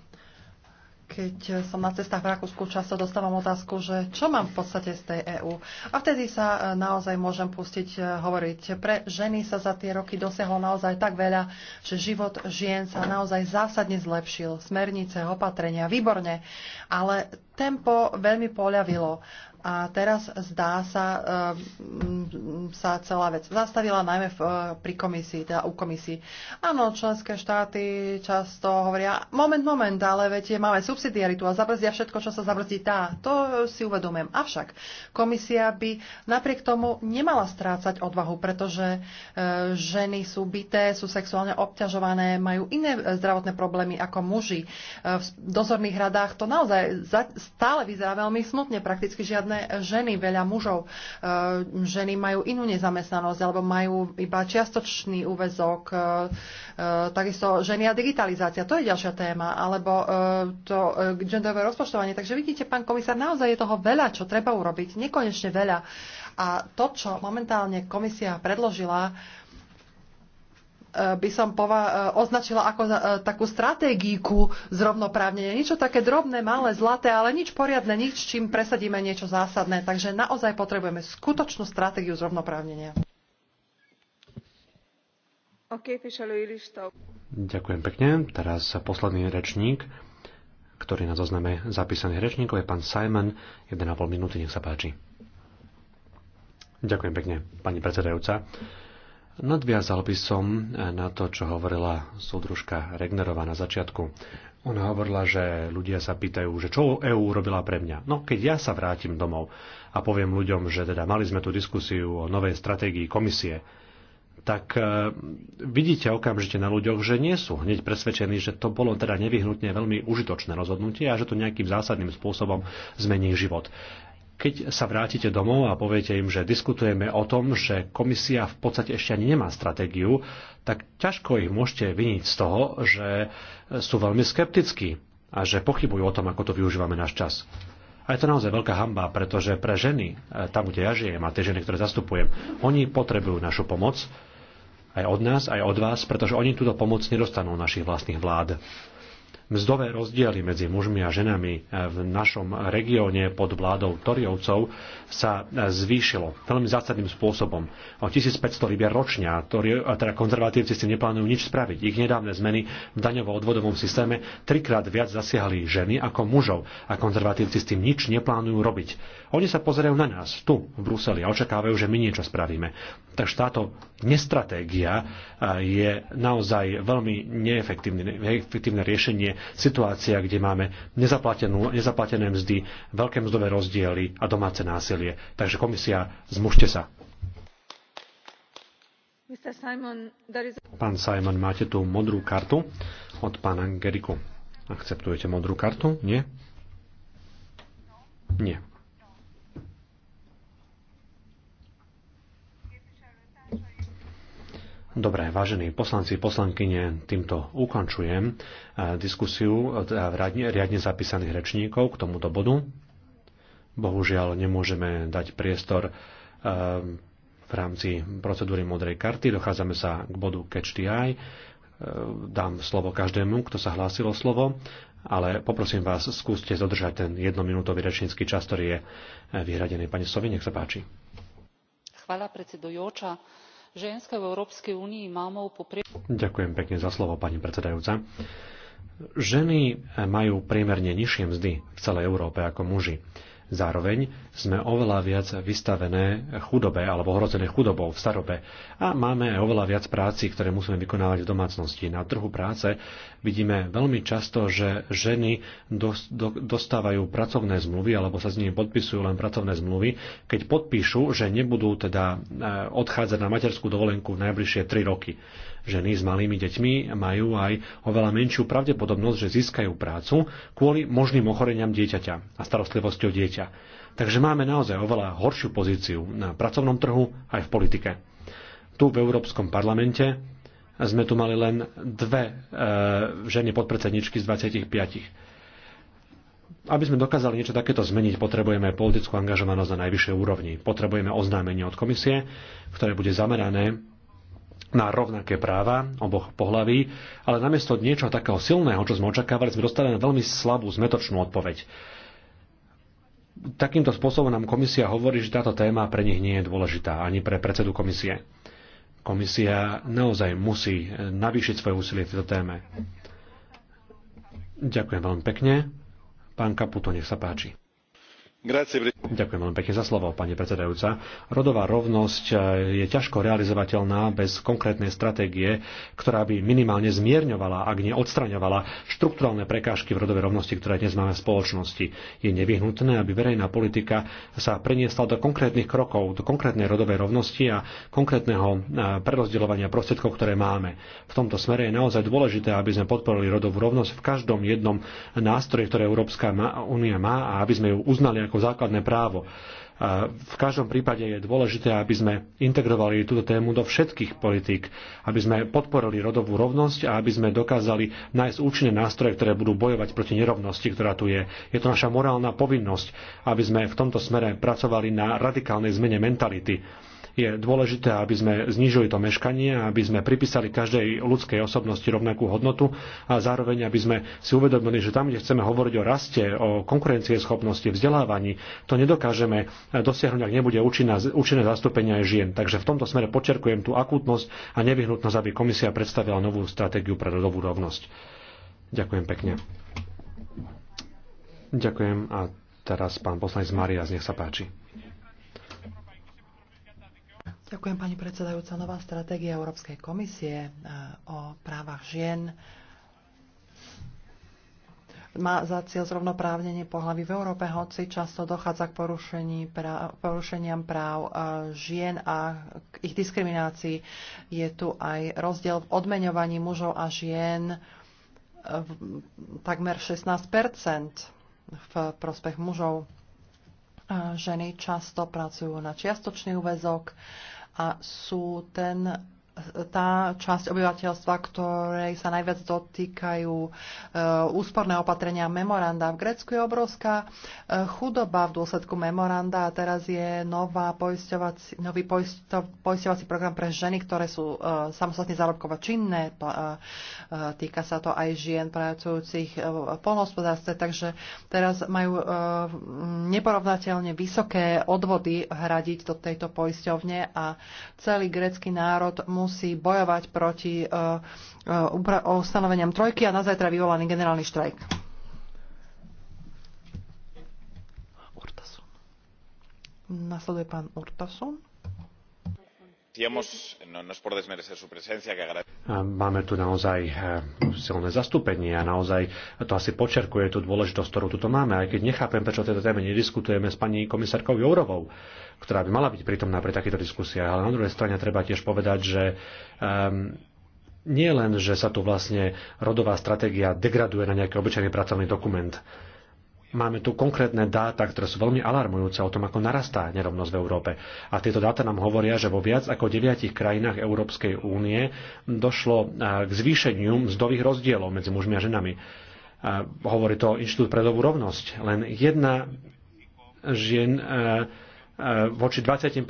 keď som na cestách v Rakúsku, často dostávam otázku, že čo mám v podstate z tej EÚ. A vtedy sa naozaj môžem pustiť eh, hovoriť. Pre ženy sa za tie roky dosiahlo naozaj tak veľa, že život žien sa naozaj zásadne zlepšil. Smernice, opatrenia, výborne. Ale tempo veľmi poľavilo. A teraz zdá sa, ehm, sa celá vec zastavila, najmä v, eh, pri komisii, teda u komisii. Áno, členské štáty často hovoria, moment, moment, ale viete, máme subsidiaritu a zabrzdia všetko, čo sa zabrzdí tá. To si uvedomujem. Avšak komisia by napriek tomu nemala strácať odvahu, pretože eh, ženy sú byté, sú sexuálne obťažované, majú iné eh, zdravotné problémy ako muži. V dozorných radách to naozaj stále vyzerá veľmi smutne. Prakticky žiadne ženy, veľa mužov. E, ženy majú inú nezamestnanosť alebo majú iba čiastočný úvezok. E, e, takisto ženy a digitalizácia, to je ďalšia téma. Alebo to genderové rozpočtovanie. Takže vidíte, pán komisár, naozaj je toho veľa, čo treba urobiť. Nekonečne veľa. A to, čo momentálne komisia predložila, by som pova- eh, označila ako eh, takú stratégiku zrovnoprávnenia. Niečo také drobné, malé, zlaté, ale nič poriadne, nič, čím presadíme niečo zásadné. Takže naozaj potrebujeme skutočnú stratégiu zrovnoprávnenia. Ďakujem pekne. Teraz posledný rečník, ktorý na zozname zapísaných rečníkov je pán Simon. 1,5 minúty, nech sa páči. Ďakujem pekne, pani predsedajúca. Nadviazal by som eh, na to, čo hovorila súdružka Regnerová na začiatku. Ona hovorila, že ľudia sa pýtajú, že čo EÚ robila pre mňa. No keď ja sa vrátim domov a poviem ľuďom, že teda mali sme tú diskusiu o novej stratégii komisie, tak eh, vidíte okamžite na ľuďoch, že nie sú hneď presvedčení, že to bolo teda nevyhnutne veľmi užitočné rozhodnutie a že to nejakým zásadným spôsobom zmení život. Keď sa vrátite domov a poviete im, že diskutujeme o tom, že komisia v podstate ešte ani nemá stratégiu, tak ťažko ich môžete viniť z toho, že sú veľmi skeptickí a že pochybujú o tom, ako to využívame náš čas. A je to naozaj veľká hamba, pretože pre ženy, e, tam, kde ja žijem a tie ženy, ktoré zastupujem, oni potrebujú našu pomoc, aj od nás, aj od vás, pretože oni túto pomoc nedostanú našich vlastných vlád mzdové rozdiely medzi mužmi a ženami e, v našom regióne pod vládou Toriovcov sa e, zvýšilo veľmi zásadným spôsobom. O 1500 libier ročne, a teda konzervatívci s tým neplánujú nič spraviť. Ich nedávne zmeny v daňovo-odvodovom systéme trikrát viac zasiahli ženy ako mužov a konzervatívci s tým nič neplánujú robiť. Oni sa pozerajú na nás tu v Bruseli a očakávajú, že my niečo spravíme. Takže táto nestratégia e, je naozaj veľmi neefektívne riešenie situácia, kde máme nezaplatené mzdy, veľké mzdové rozdiely a domáce násilie. Takže komisia, zmužte sa. Pán Simon, máte tu modrú kartu od pána Geriku. Akceptujete modrú kartu? Nie? Nie. Dobre, vážení poslanci, poslankyne, týmto ukončujem eh, diskusiu eh, teda riadne zapísaných rečníkov k tomuto bodu. Bohužiaľ nemôžeme dať priestor eh, v rámci procedúry modrej karty. Dochádzame sa k bodu Catch the Eye. Dám slovo každému, kto sa hlásil o slovo, ale poprosím vás, skúste zadržať ten jednominútový rečnícky čas, ktorý je vyhradený. Pani Sovi, nech sa páči. Chvala predsedujúča Ženské v Európskej únii máme po prie... Ďakujem pekne za slovo, pani predsedajúca. Ženy majú priemerne nižšie mzdy v celej Európe ako muži. Zároveň sme oveľa viac vystavené chudobe alebo hrozené chudobou v starobe a máme oveľa viac práci, ktoré musíme vykonávať v domácnosti. Na trhu práce Vidíme veľmi často, že ženy dostávajú pracovné zmluvy alebo sa s nimi podpisujú len pracovné zmluvy, keď podpíšu, že nebudú teda e, odchádzať na materskú dovolenku v najbližšie 3 roky. Ženy s malými deťmi majú aj oveľa menšiu pravdepodobnosť, že získajú prácu kvôli možným ochoreniam dieťaťa a starostlivosti o dieťa. Takže máme naozaj oveľa horšiu pozíciu na pracovnom trhu aj v politike. Tu v Európskom parlamente sme tu mali len dve e, ženy podpredsedničky z 25. Aby sme dokázali niečo takéto zmeniť, potrebujeme politickú angažovanosť na najvyššej úrovni. Potrebujeme oznámenie od komisie, ktoré bude zamerané na rovnaké práva oboch pohlaví, ale namiesto niečo takého silného, čo sme očakávali, sme dostali na veľmi slabú, zmetočnú odpoveď. Takýmto spôsobom nám komisia hovorí, že táto téma pre nich nie je dôležitá, ani pre predsedu komisie. Komisia naozaj musí e, navýšiť svoje úsilie v tejto téme. Ďakujem veľmi pekne. Pán Kaputo, nech sa páči. Ďakujem veľmi pekne za slovo, pani predsedajúca. Rodová rovnosť eh, je ťažko realizovateľná bez konkrétnej stratégie, ktorá by minimálne zmierňovala, ak nie odstraňovala, štruktúralne prekážky v rodovej rovnosti, ktoré dnes máme v spoločnosti. Je nevyhnutné, aby verejná politika sa preniesla do konkrétnych krokov, do konkrétnej rodovej rovnosti a konkrétneho eh, prerozdeľovania prostriedkov, ktoré máme. V tomto smere je naozaj dôležité, aby sme podporili rodovú rovnosť v každom jednom nástroji, ktoré Európska únia má a aby sme ju uznali ako základné právo. A v každom prípade je dôležité, aby sme integrovali túto tému do všetkých politík, aby sme podporili rodovú rovnosť a aby sme dokázali nájsť účinné nástroje, ktoré budú bojovať proti nerovnosti, ktorá tu je. Je to naša morálna povinnosť, aby sme v tomto smere pracovali na radikálnej zmene mentality je dôležité, aby sme znížili to meškanie, aby sme pripísali každej ľudskej osobnosti rovnakú hodnotu a zároveň, aby sme si uvedomili, že tam, kde chceme hovoriť o raste, o konkurencieschopnosti, vzdelávaní, to nedokážeme dosiahnuť, ak nebude účinná, účinné zastúpenie aj žien. Takže v tomto smere počerkujem tú akútnosť a nevyhnutnosť, aby komisia predstavila novú stratégiu pre rodovú rovnosť. Ďakujem pekne. Ďakujem a teraz pán poslanec Marias, nech sa páči. Ďakujem, pani predsedajúca. Nová stratégia Európskej komisie e, o právach žien má za cieľ zrovnoprávnenie pohlavy v Európe, hoci často dochádza k porušení práv, porušeniam práv e, žien a k ich diskriminácii. Je tu aj rozdiel v odmeňovaní mužov a žien v takmer 16 v prospech mužov. E, ženy často pracujú na čiastočný úvezok a sú ten tá časť obyvateľstva, ktorej sa najviac dotýkajú e, úsporné opatrenia memoranda. V Grécku je obrovská e, chudoba v dôsledku memoranda a teraz je nová poisťovací, nový poisťovací program pre ženy, ktoré sú e, samostatne zárobkovo činné. Týka sa to aj žien pracujúcich v polnohospodárstve, takže teraz majú neporovnateľne vysoké odvody hradiť do tejto poisťovne a celý grécky národ musí musí bojovať proti eh, eh, ustanoveniam trojky a na zajtra vyvolaný generálny štrajk. Nasleduje pán Urtasun. No, no máme tu naozaj eh, silné zastúpenie a naozaj to asi počerkuje tú dôležitosť, ktorú tu máme, aj keď nechápem, prečo tejto téme nediskutujeme s pani komisárkou Jourovou, ktorá by mala byť prítomná pri takýchto diskusiách. Ale na druhej strane treba tiež povedať, že um, nie len, že sa tu vlastne rodová stratégia degraduje na nejaký obyčajný pracovný dokument, Máme tu konkrétne dáta, ktoré sú veľmi alarmujúce o tom, ako narastá nerovnosť v Európe. A tieto dáta nám hovoria, že vo viac ako deviatich krajinách Európskej únie došlo e, k zvýšeniu mzdových rozdielov medzi mužmi a ženami. E, hovorí to Inštitút pre dobu rovnosť. Len jedna žien e, voči 25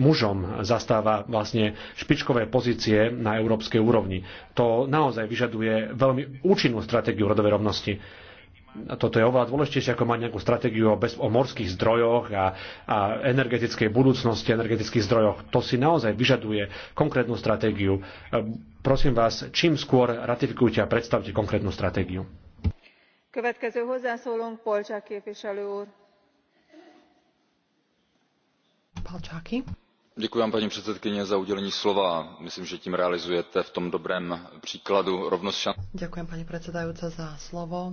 mužom zastáva vlastne špičkové pozície na európskej úrovni. To naozaj vyžaduje veľmi účinnú stratégiu rodovej rovnosti toto je oveľa dôležitejšie, ako mať nejakú stratégiu o, bez, o morských zdrojoch a, a energetickej budúcnosti, energetických zdrojoch. To si naozaj vyžaduje konkrétnu stratégiu. Prosím vás, čím skôr ratifikujte a predstavte konkrétnu stratégiu. Děkuji vám, paní předsedkyně, za udělení slova. Myslím, že tím realizujete v tom dobrém příkladu rovnost šancí. Děkuji, paní předsedající, za slovo. Uh,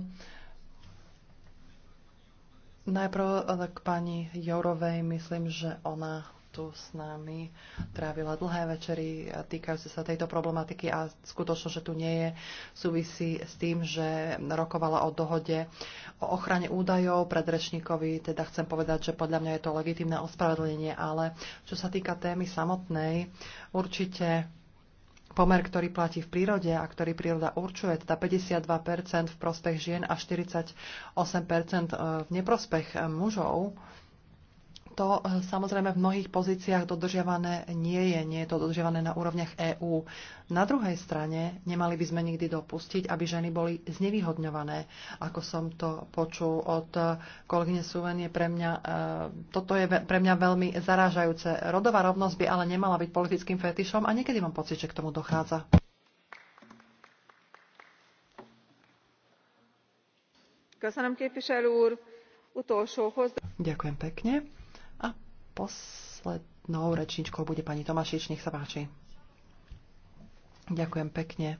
Najprv eh, k pani Jourovej. Myslím, že ona tu s nami trávila dlhé večery eh, týkajúce sa tejto problematiky a skutočno, že tu nie je, súvisí s tým, že rokovala o dohode o ochrane údajov rečníkovi. Teda chcem povedať, že podľa mňa je to legitimné ospravedlenie, ale čo sa týka témy samotnej, určite pomer, ktorý platí v prírode a ktorý príroda určuje, teda 52% v prospech žien a 48% e, v neprospech e, mužov, to eh, samozrejme v mnohých pozíciách dodržiavané nie je. Nie je to dodržiavané na úrovniach EÚ. Na druhej strane nemali by sme nikdy dopustiť, aby ženy boli znevýhodňované, ako som to počul od kolegyne Suvenie. Pre mňa, eh, toto je pre mňa veľmi zarážajúce. Rodová rovnosť by ale nemala byť politickým fetišom a niekedy mám pocit, že k tomu dochádza. Ďakujem pekne poslednou rečničkou bude pani Tomašič. Nech sa páči. Ďakujem pekne.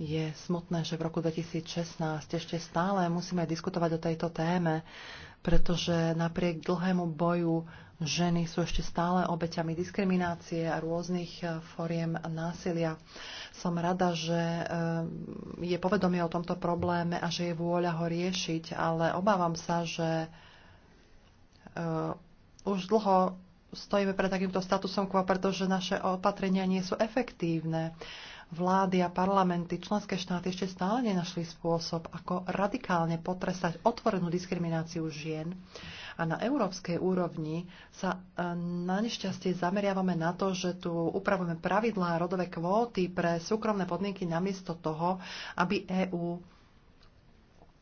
Je smutné, že v roku 2016 ešte stále musíme diskutovať o tejto téme, pretože napriek dlhému boju ženy sú ešte stále obeťami diskriminácie a rôznych eh, foriem násilia. Som rada, že eh, je povedomie o tomto probléme a že je vôľa ho riešiť, ale obávam sa, že eh, už dlho stojíme pred takýmto statusom quo, pretože naše opatrenia nie sú efektívne. Vlády a parlamenty, členské štáty ešte stále nenašli spôsob, ako radikálne potrestať otvorenú diskrimináciu žien. A na európskej úrovni sa e, na nešťastie zameriavame na to, že tu upravujeme pravidlá a rodové kvóty pre súkromné podmienky namiesto toho, aby EÚ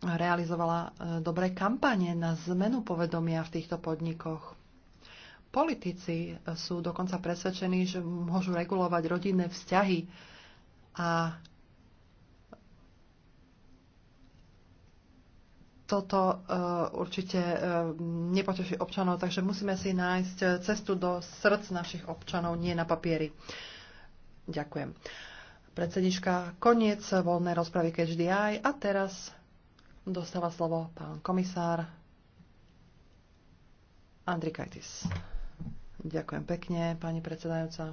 realizovala e, dobré kampanie na zmenu povedomia v týchto podnikoch Politici e, sú dokonca presvedčení, že môžu regulovať rodinné vzťahy a toto e, určite e, nepoteší občanov, takže musíme si nájsť cestu do srdc našich občanov, nie na papieri. Ďakujem. Predsednička, koniec voľnej rozpravy KHDI a teraz dostáva slovo pán komisár Andrikajtis. Ďakujem pekne, pani predsedajúca.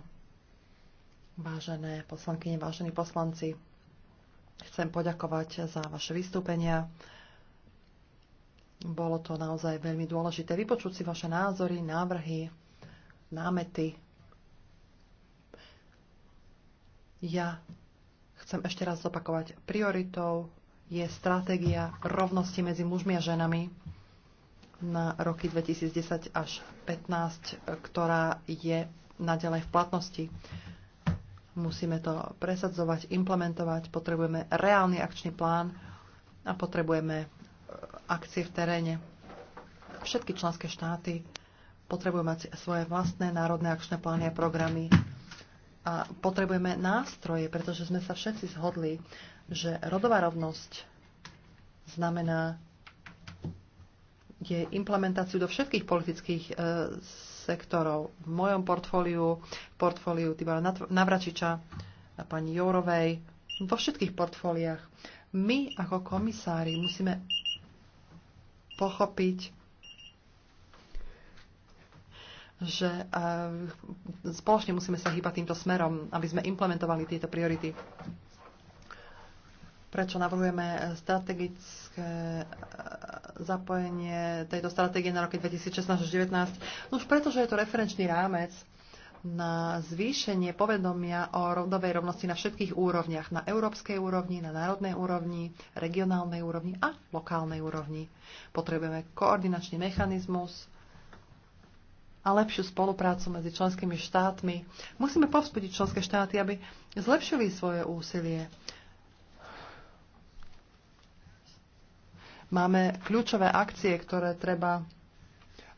Vážené poslankyne, vážení poslanci, chcem poďakovať za vaše vystúpenia. Bolo to naozaj veľmi dôležité vypočuť si vaše názory, návrhy, námety. Ja chcem ešte raz zopakovať. Prioritou je stratégia rovnosti medzi mužmi a ženami na roky 2010 až 2015, ktorá je naďalej v platnosti. Musíme to presadzovať, implementovať, potrebujeme reálny akčný plán a potrebujeme e, akcie v teréne. Všetky členské štáty potrebujú mať svoje vlastné národné akčné plány a programy a potrebujeme nástroje, pretože sme sa všetci zhodli, že rodová rovnosť znamená je implementáciu do všetkých politických e, sektorov. V mojom portfóliu, portfóliu Tibora Navračiča, a pani Jourovej, vo všetkých portfóliách. My ako komisári musíme pochopiť, že e, spoločne musíme sa hýbať týmto smerom, aby sme implementovali tieto priority prečo navrhujeme e, strategické e, zapojenie tejto stratégie na roky 2016 2019. No už preto, že je to referenčný rámec na zvýšenie povedomia o rodovej rovnosti na všetkých úrovniach. Na európskej úrovni, na národnej úrovni, regionálnej úrovni a lokálnej úrovni. Potrebujeme koordinačný mechanizmus a lepšiu spoluprácu medzi členskými štátmi. Musíme povzbudiť členské štáty, aby zlepšili svoje úsilie Máme kľúčové akcie, ktoré treba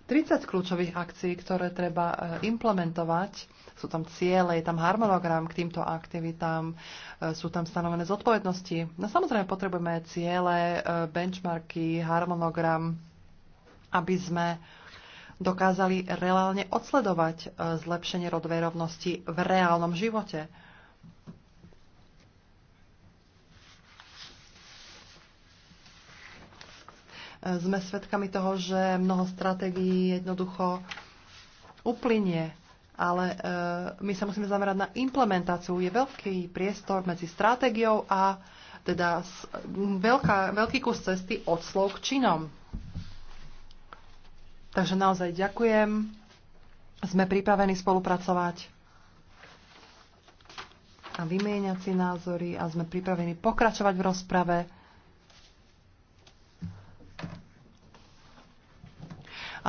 30 kľúčových akcií, ktoré treba eh, implementovať. Sú tam ciele, je tam harmonogram k týmto aktivitám, eh, sú tam stanovené zodpovednosti. No samozrejme potrebujeme ciele, eh, benchmarky, harmonogram, aby sme dokázali reálne odsledovať zlepšenie rodovej rovnosti v reálnom živote. sme svedkami toho, že mnoho stratégií jednoducho uplynie ale e, my sa musíme zamerať na implementáciu. Je veľký priestor medzi stratégiou a teda veľká, veľký kus cesty od slov k činom. Takže naozaj ďakujem. Sme pripravení spolupracovať a vymieňať si názory a sme pripravení pokračovať v rozprave.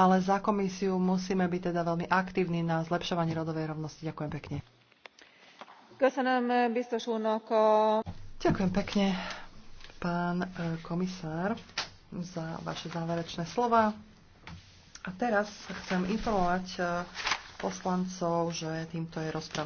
ale za komisiu musíme byť teda veľmi aktívni na zlepšovaní rodovej rovnosti. Ďakujem pekne. Ďakujem pekne, pán e, komisár, za vaše záverečné slova. A teraz chcem informovať e, poslancov, že týmto je rozpráva.